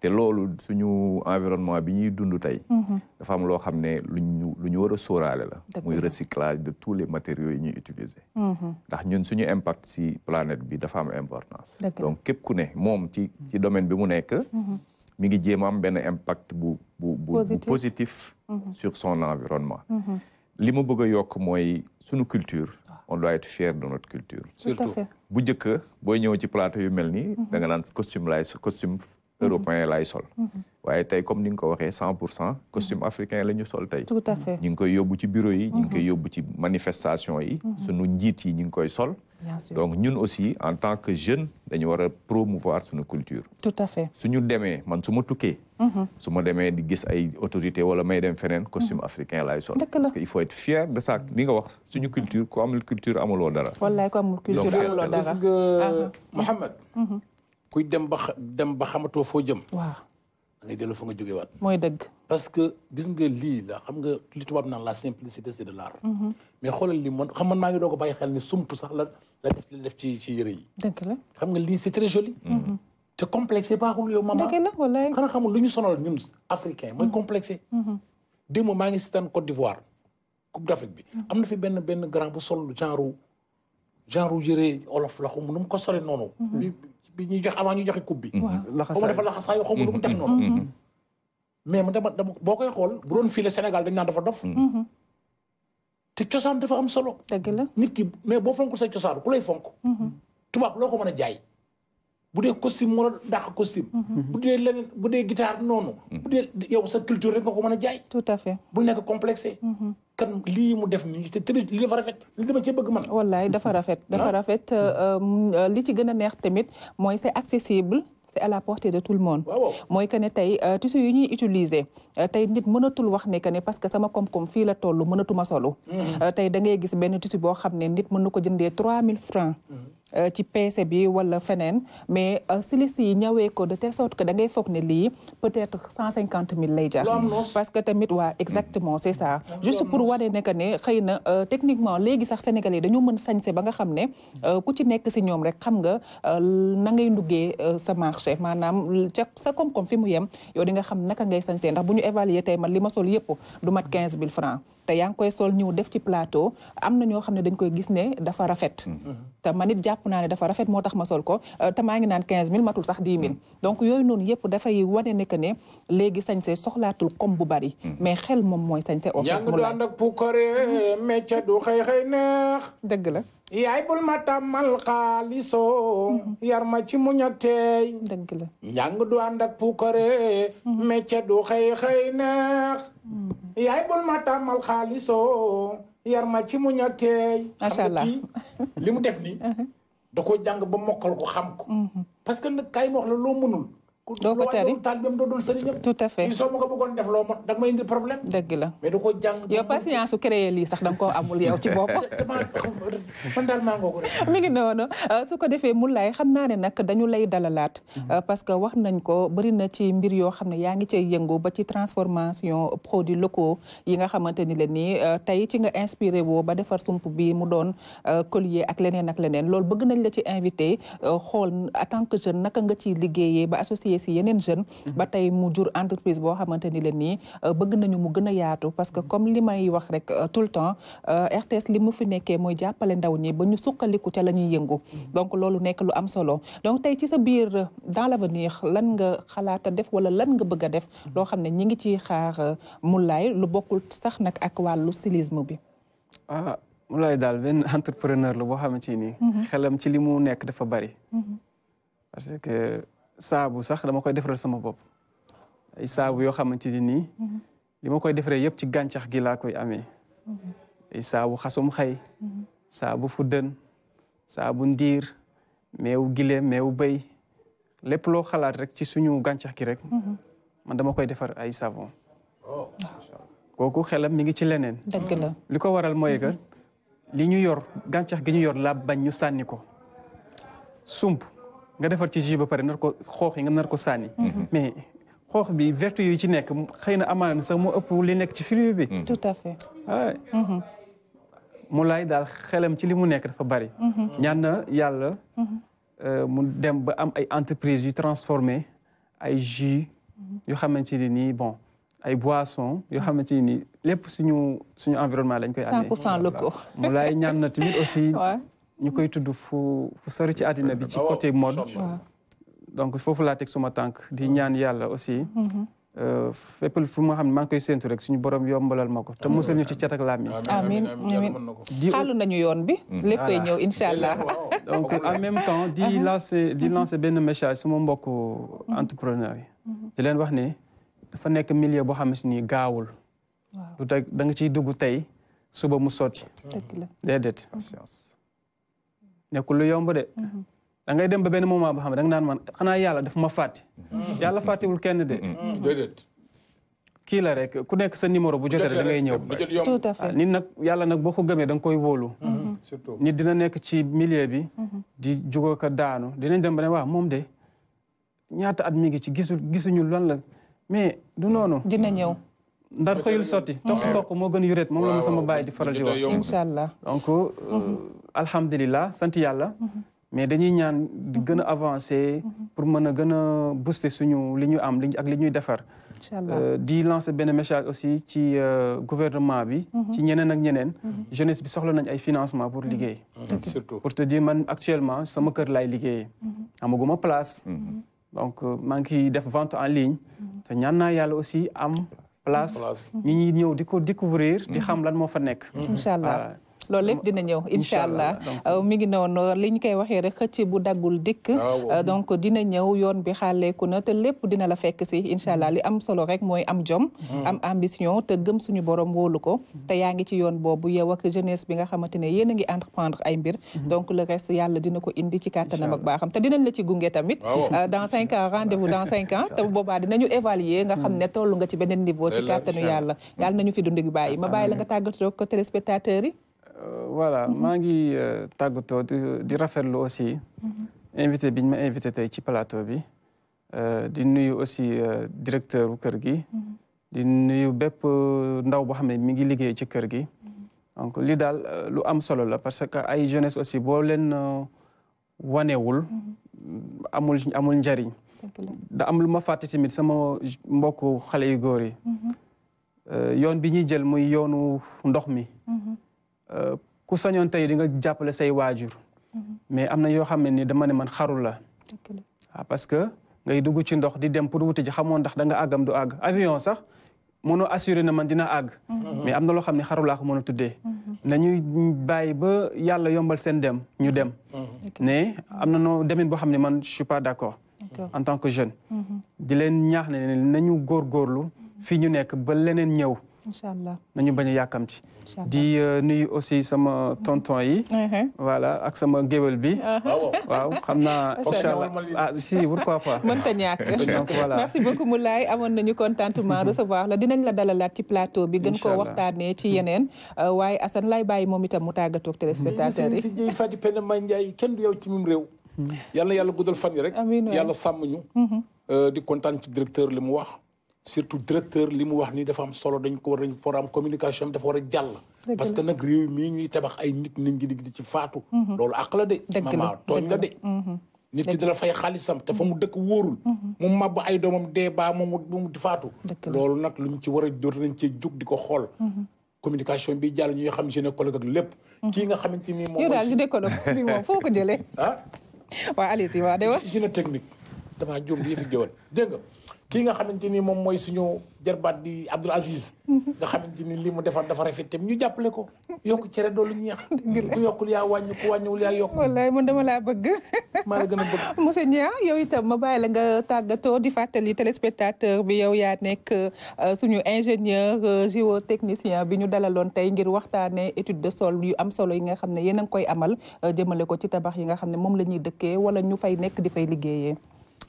té loolu suñu environnement bi ñuy dund tay mhm. dafa am lo xamné luñu luñu wara lu la. muy recyclage de tous les matériaux yi ñuy utiliser. Mhm. ndax ñun suñu impact ci planète bi dafa am importance. donc képp ku ne mom ci ci domaine bi mu nekk. Mhm. mi ngi jéem am benn impact bu bu bu positif. sur son environnement. li ma bëgg a yokk mooy suñu culture. Ah. on doit être fier de notre culture. surtout bu njëkk booy ñëw ci plateau yu mel nii. da nga naan costume laay costume. européen mhm. laay sol mhm. waaye tey comme ni nga ko waxee cent pour cent costume mhm. africain la ñu sol tey ñu ngi koy yóbbu ci bureau yi ñu ngi koy yóbbu ci manifestation yi sunu njiit yi ñu ngi koy sol donc ñun aussi en tant que jeune dañu war a promouvoir suñu culture tout à fait suñu demee man su ma tukkee su ma demee di gis ay autorité wala may dem feneen costume africain laay sol parce que il faut être fier de ça li nga wax suñu culture ku amul culture amuloo dara wallaay kuy dem ba dem ba xamatoo foo jëm. waaw da ngay dellu fa nga jóge mooy dëgg. parce que gis nga lii la xam nga li tubaab naan la simplicité c'est de l'art. Mm-hmm. mais xoolal li man xam man maa ngi doog a bàyyi xel ni sumtu sax la la def la def ci ci yëre yi. dëgg la xam nga lii c'est très joli. Mm-hmm. te complexé baaxul yow maman. dëgg la xamul lu ñu sonal ñun africain mooy mm-hmm. complexé. démb maa ngi seetaan Côte d'Ivoire Coupe d'Afrique bi. am na fi benn benn grand bu sol genre yëre olof la ko nu bi ñuy joxe avant ñuy joxe coupe bi. laxasaay dafa laxasaay xaw lu mu def noonu. Mm-hmm. Mm-hmm. mais mu dama dama boo koy xool bu doon fii la Sénégal dañ naan dafa dof. Mm-hmm. te cosaan dafa am solo. dëgg la nit ki mais boo fonkul say cosaan ku lay fonk. tubaab loo ko mën a jaay. bu dee costume moo la dàq costume. Mhm. bu dee leneen bu dee noonu. Mhm. bu dee yow sa culture rek nga ko mën a jaay. tout à fait bu nekk complexé. Mhm. kan lii mu def nii c'est très li dafa rafet li dama bëgg man. wallaay dafa rafet. Ah. dafa rafet euh, euh, li ci gën a neex tamit mooy c'est accessible. c'est à la portée de tout le monde mooy que ne tey euh, tissu yu ñuy utiliser tey nit mënatul wax ne que ne parce que sama koom-koom fii la toll mënatuma solo tey da ngay gis benn tissu boo xam ne nit mën na ko jëndee 3000 francs Euh, ci PC bi wala feneen mais euh, silice yi ñawee ko de telle sorte que da ngay foog ne lii peut-être cent cinquante mille lay jar parce que tamit wa exactement c'est ça juste pour wane ne que ne xëy na euh, techniquement léegi sax sénégalais dañoo mën sañse ba nga xam ne ku ci nekk si ñoom rek xam nga na ngay nduggee sa marché maanaam ca sa koom fi mu yem yow di nga xam naka ngay sañse ndax bu ñu évaluer tey man li ma sol yëpp du mat quinze mille francs te yaa ngi koy sol ñëw def ci plateau am na ñoo xam ne dañ koy gis ne dafa rafet mm-hmm. te man it jàpp naa ne dafa rafet moo tax ma sol ko euh, te maa ngi naan quinze mille matul sax dix mille mm-hmm. donc yooyu noonu yëpp dafay wane ne que ne léegi se soxlaatul comme bu bari mm-hmm. mais xel moom mooy sañ se jàng du ànd ak pukkare métier du xëy xëy neex dëgg la yaay bul mata tàmmal xaalisoo mhm. yar ma ci muñ a teey la njàng du ànd ak puukare mhm. métier du xëy-xëy neex yaay bul ma tàmmal xaalisoo yar ma ci muñ a teey macha allah def ni mhm. da ko jàng ba ko xam ko parce que nag wax la mënul doo ko tari tout à fait soo ko bëggoon def loo mot da nga may indi problème dëgg la mais da ko patience su créé lii sax da nga amul yow ci bopp (laughs) man ko ngi noonu euh, su ko defee mu lay xam naa ne nag dañu lay dalalaat mhm. euh, parce que wax nañ ko bëri na ci mbir yoo xam ne yaa ngi cay yëngu ba ci transformation produits locaux yi nga xamante ni leen nii euh, tey ci nga inspiré woo ba defar sump bi mu doon collier ak leneen ak leneen loolu bëgg nañ la ci invité xool en tant que jeune naka nga ciy liggéeyee ba associé créer si yeneen jeune mhm. ba tey mu jur entreprise boo xamante ni leen nii euh, bëgg nañu mu gën yaatu parce que mhm. comme li may wax rek euh, tout le temps euh, RTS li mu fi nekkee mooy jàppale ndaw ñi ba ñu suqaliku ca la ñuy yëngu mhm. donc loolu nekk lu am solo donc tey ci sa biir dans l'avenir lan nga xalaata def wala lan nga bëgg a def loo xam ne ñi ngi ciy xaar Moulay lu bokkul sax nag ak wàllu stylisme bi ah Moulay daal benn (laughs) entrepreneur la boo xamante ni xelam ci li nekk dafa saabu sax dama koy defaral sama bopp ay saabu yoo xamante ni nii li ma koy defaree yëpp ci gàncax gi laa koy amee ay saabu xasum xay saabu fuddën saabu ndiir meew gile meew béy lépp loo xalaat rek ci suñu gàncax gi rek man dama koy defar ay savon kooku xelam mi ngi ci leneen dëgg li ko waral mooy que li ñu yor gàncax gi ñu yor laa bañ ñu sànni ko sump nga defar ci jus ba pare nar ko xoox yi nga nar ko sànni mais xoox bi vertu yu ci nekk xëy na amaana na sax moo ëpp li nekk ci fruit bi tout à fait mu laay daal xelam ci li mu nekk dafa bari ñaan na yàlla mu dem ba am ay entreprise yu transformé ay jus yu xamante ni nii bon ay boisson yoo xamante ni lépp suñu suñu environnement lañ koy amee 100 pour cent locaux mu laay ñaan na tamit aussi ñu koy tudd fu fu ci àddina bi ci côté mode donc foofu laa teg suma tànk di mm-hmm. ñaan yàlla aussi mm-hmm. euh, fépp fu ma xam ne maa ngi koy séntu rek suñu borom yombalal ma ko te musal ñu ci cat ak nañu yoon bi mm. léppay ñëw incha (laughs) même temps di mm-hmm. lancer di lancer benn message suma mbokk entrepreneur yi di leen wax ne fa nekk milieu boo xam ne si nii gaawul du teg da ciy dugg tey suba mu sotti déedéet nekkul lu yomb de mhm. da ngay dem ba benn moment boo xam ne da nga naan man xanaa yàlla daf ma fàtte mhm. yàlla fàttewul kenn de mhm. déedéet kii la rek ku nekk sa numéro bu jotee da ngay ñëw tout à fait ah, nag yàlla nag boo ko gëmee da nga koy wóolu surtout nit dina nekk ci milieu bi di jugoo ko daanu dinañ dem ba ne waaw moom de ñaata at mi ngi ci gisu gisuñu lan la mais du noonu dina ñëw ndar xëyul sotti toq toq moo gën yuret moom la ma sama bàyyi di faral di wax incha allah euh, alhamdulilah sante yalla mhm. mais dañuy ñaan di gën mhm. avancer. Mhm. pour mëna a booster suñu liñu am li ak liñuy défar defar. Euh, di lancer ben message aussi ci euh, gouvernement bi. ci ñeneen ak ñeneen. jeunesse bi soxla nañ ay financement pour liggéey. Ah, surtout pour te dire man actuellement sama kër lay liggéeyee. amaguma place. donc euh, maa ngi def vente en ligne. te ñaan naa yàlla aussi am. place ñi ñuy ñëw di ko découvrir di xam lan moo fa nekk. inshallah loolu lépp dina ñëw incha allah euh, mi ngi noonu li ñu koy waxee rek xëcc bu daggul dikk ah, euh, donc dina ñëw yoon bi xaaleeku na te lépp dina la fekk si incha allah li am solo rek mooy am jom hmm. am ambition te gëm suñu borom wóolu ko te yaa ngi ci yoon boobu yow ak jeunesse bi nga xamante ne yéen a ngi entreprendre ay mbir hmm. donc le reste yàlla dina ko indi ci kàttanam ak baaxam te dinañ la ci gunge tamit ah, euh, dans cinq ans rendez-vous dans cinq ans te bu boobaa dinañu évaluer nga xam hmm. ne toll nga ci beneen niveau ci kàttanu yàlla yàlla nañu fi dund gi bàyyi ah, ma bàyyi nga tàggatoo ko téléspectateurs yi Euh, voilà mhm. maa ngi euh, tàggatoo di rafetlu aussi. Mhm. invité bi ñu ma invité tey ci plateau bi. Euh, di nuyu aussi directeur bu kër gi. Mhm. di nuyu bépp ndaw boo xam ne mi ngi liggéey ci kër gi. donc li daal lu am solo la parce que ay jeunesse aussi boo leen wanewul. amul amul njariñ. da am lu ma fàtte tamit sama mbokku xale yu góor yi. yoon bi ñuy jël muy yoonu ndox mi. ku sañoon tey di nga jàppale say waajur mhm. mais am na yoo xam ne ni dama ne man xarul la waaw ah, parce que ngay dugg ci ndox di dem pour wuti ji xamoon ndax da nga àggam du àgg avion sax mënoo assuré na man dina àgg mhm. mais am na loo xam ne xarulaa ko mën a tuddee mhm. nañuy bàyyi ba yàlla yombal seen dem ñu dem ne am na noo demin boo xam ne man je suis pas d'accord en tant que jeune di leen ñaax ne nañu góorgóorlu fii ñu nekk ba leneen ñëw incha allah nañu bañ a yàkkamti. di euh, nuyu aussi sama tonton yi. Uh-huh. voilà ak sama géwél bi. Uh-huh. Ah waaw xam naa (laughs) incha allah ah si pourquoi pas. (laughs) mënta ñàkk (laughs) donc voilà merci beaucoup Moulay amoon nañu contentement recevoir la dinañ la dalalaat ci plateau bi. gën koo waxtaanee ci yeneen. Euh, waaye Assane lay bàyyi moom itam mu tàggatoo te téléspectateurs yi. si Ndiaye Fadi Penda Mbaye Ndiaye kenn du yow ci mim réew. Hmm. yàlla yàlla guddal rek. amiin yàlla sàmm ñu. Hmm. Euh, di kontaan ci directeur li mu wax. surtout directeur li mu wax ni dafa am solo dañ ko war dañ for am communication dafa war a jàll parce que nag réew mii ñuy tabax ay nit nit ngi di ci faatu mhm. loolu àq la de mama tooñ la de mhm. nit fay xaalisam te fa mu mhm. dëkk wóorul mu màbb ay doomam dee baa moom mu di faatu loolu nag lu ñu ci war a door nañ cee jug di ko xool communication bi jàll ñuy xam jeune collègue ak lépp kii nga xamante ni moom yow daal ju dékodo (laughs) bi moom foo ko jëlee ah waa Aliou si waa de wax génie technique damaa juum di yëfi jëwal dégg nga kii nga xamante ni moom mooy suñu jarbaat di Abdoul Aziz nga xamante ni li mu defar dafa rafet tam ñu jàppale ko yokk cere doolu ñeex ku yokkul yaa wàññi ku wàññiwul yaa yokk wallaay man dama laa bëgg maa la gën (laughs) yow itam ma bàyyi la nga tàggatoo di fàttali téléspectateur bi yow yaa nekk euh, suñu ingénieur euh, géotechnicien bi ñu dalaloon tey ngir waxtaane étude de sol yu am solo yi nga xam ne yéen a ngi koy amal euh, jëmale ko ci tabax yi nga xam ne moom la ñuy dëkkee wala ñu fay nekk di fay liggéeyee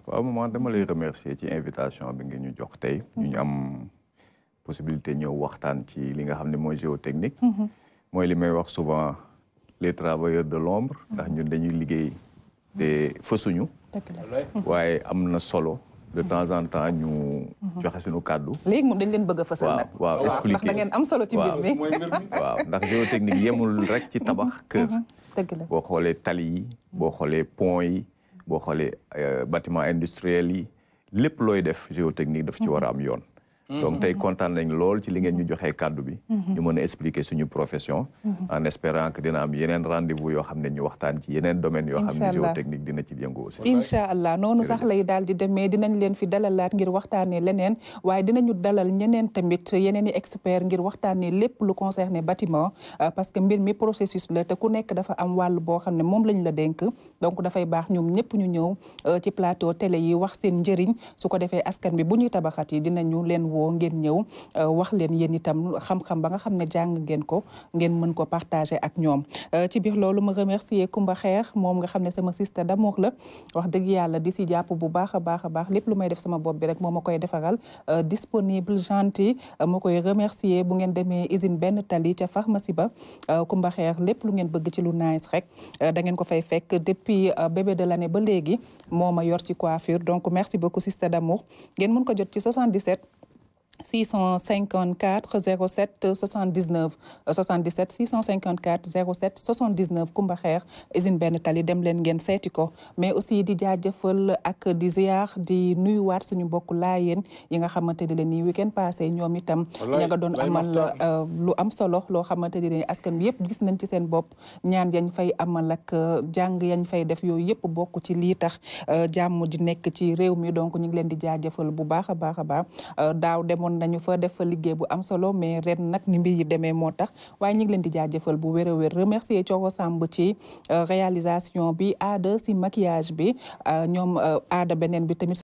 waaw moment dama lay remercier ci invitation bi nga ñu jox tay hmm. ñu am possibilité ñëw waxtaan ci li nga xam moy mooy géotechnique. moy hmm. li may wax souvent les travailleurs de l'ombre hmm. ndax ñun dañuy liggéey te fësuñu. waaye waye amna solo. de temps en temps ñu joxé suñu cadeau léegi moom dañ leen bëgg a nak nag. waaw expliquer ndax da ngeen am solo ci mbir mi waaw ndax géotechnique yemul rek ci tabax keur dëgg la boo xoolee tali yi boo xoolee pont yi. boo xoolee euh, bâtiment industriel yi lépp looy def géotechnique daf ci war a am yoon Mm-hmm. donc tey kontaan nañ lool ci li ngeen ñu joxee kàddu bi. Mm-hmm. ñu mën a expliquer suñu profession. Mm-hmm. en espérant que dina am yeneen rendez-vous yoo xam ne ñu waxtaan ci yeneen domaines yoo xam ne géotechnique dina ci yëngu aussi. incha allah noonu sax lay daal di demee dinañ leen fi dalalaat ngir waxtaanee leneen waaye dinañu dalal ñeneen tamit yeneen i experts ngir waxtaanee lépp lu concerné bâtiment euh, parce que mbir mi processus la te ku nekk dafa am wàll boo xam ne moom lañ la dénk donc dafay baax ñoom ñëpp ñu ñëw euh, ci plateau télé yi wax seen njëriñ su ko defee askan bi bu ñuy tabaxat yi dinañu leen woo ngeen ñëw euh, wax leen yéen itam xam-xam ba nga xam ne jàng ngeen ko ngeen mën ko partager ak ñoom euh, ci biir loolu ma remercier Kumba Xeex moom nga xam ne sama sista d'amour la wax dëgg yàlla di si jàpp bu baax a baax a baax lépp lu may def sama bopp bi rek moo koy defaral euh, disponible gentil ma koy remercier bu ngeen demee usine benn tali ca pharmacie ba Kumba Xeex lépp lu ngeen bëgg ci lu nice rek da ngeen ko fay fekk depuis bébé de l'année ba léegi moo ma yor ci coiffure donc merci beaucoup sista d'amour ngeen mën ko jot ci 77 654 07 79 77 654 07 79 Kumba Xeer usine benn tali dem leen ngeen seeti ko mais aussi di jaajëfal ak di ziar di nuyuwaat suñu mbokku laayeen yi nga xamante ne leen nii weekend passé ñoom itam ña nga doon amal euh, lu am solo loo xamante ne askan bi yëpp gis nañ ci seen bopp ñaan yañ fay amal ak euh, jàng yañ fay def yooyu yëpp bokk ci lii tax euh, jàmm di nekk ci réew mi donc ñu ngi leen di jaajëfal bu baax a baax a baax demoon nañu fa def bu am solo mais ren nag ni mbir demee moo tax waaye ñu ngi leen di jaajëfal bu wér a wér remercier Thioro Samb ci euh, réalisation bi aada si maquillage bi euh, ñoom euh, aada beneen bi tamit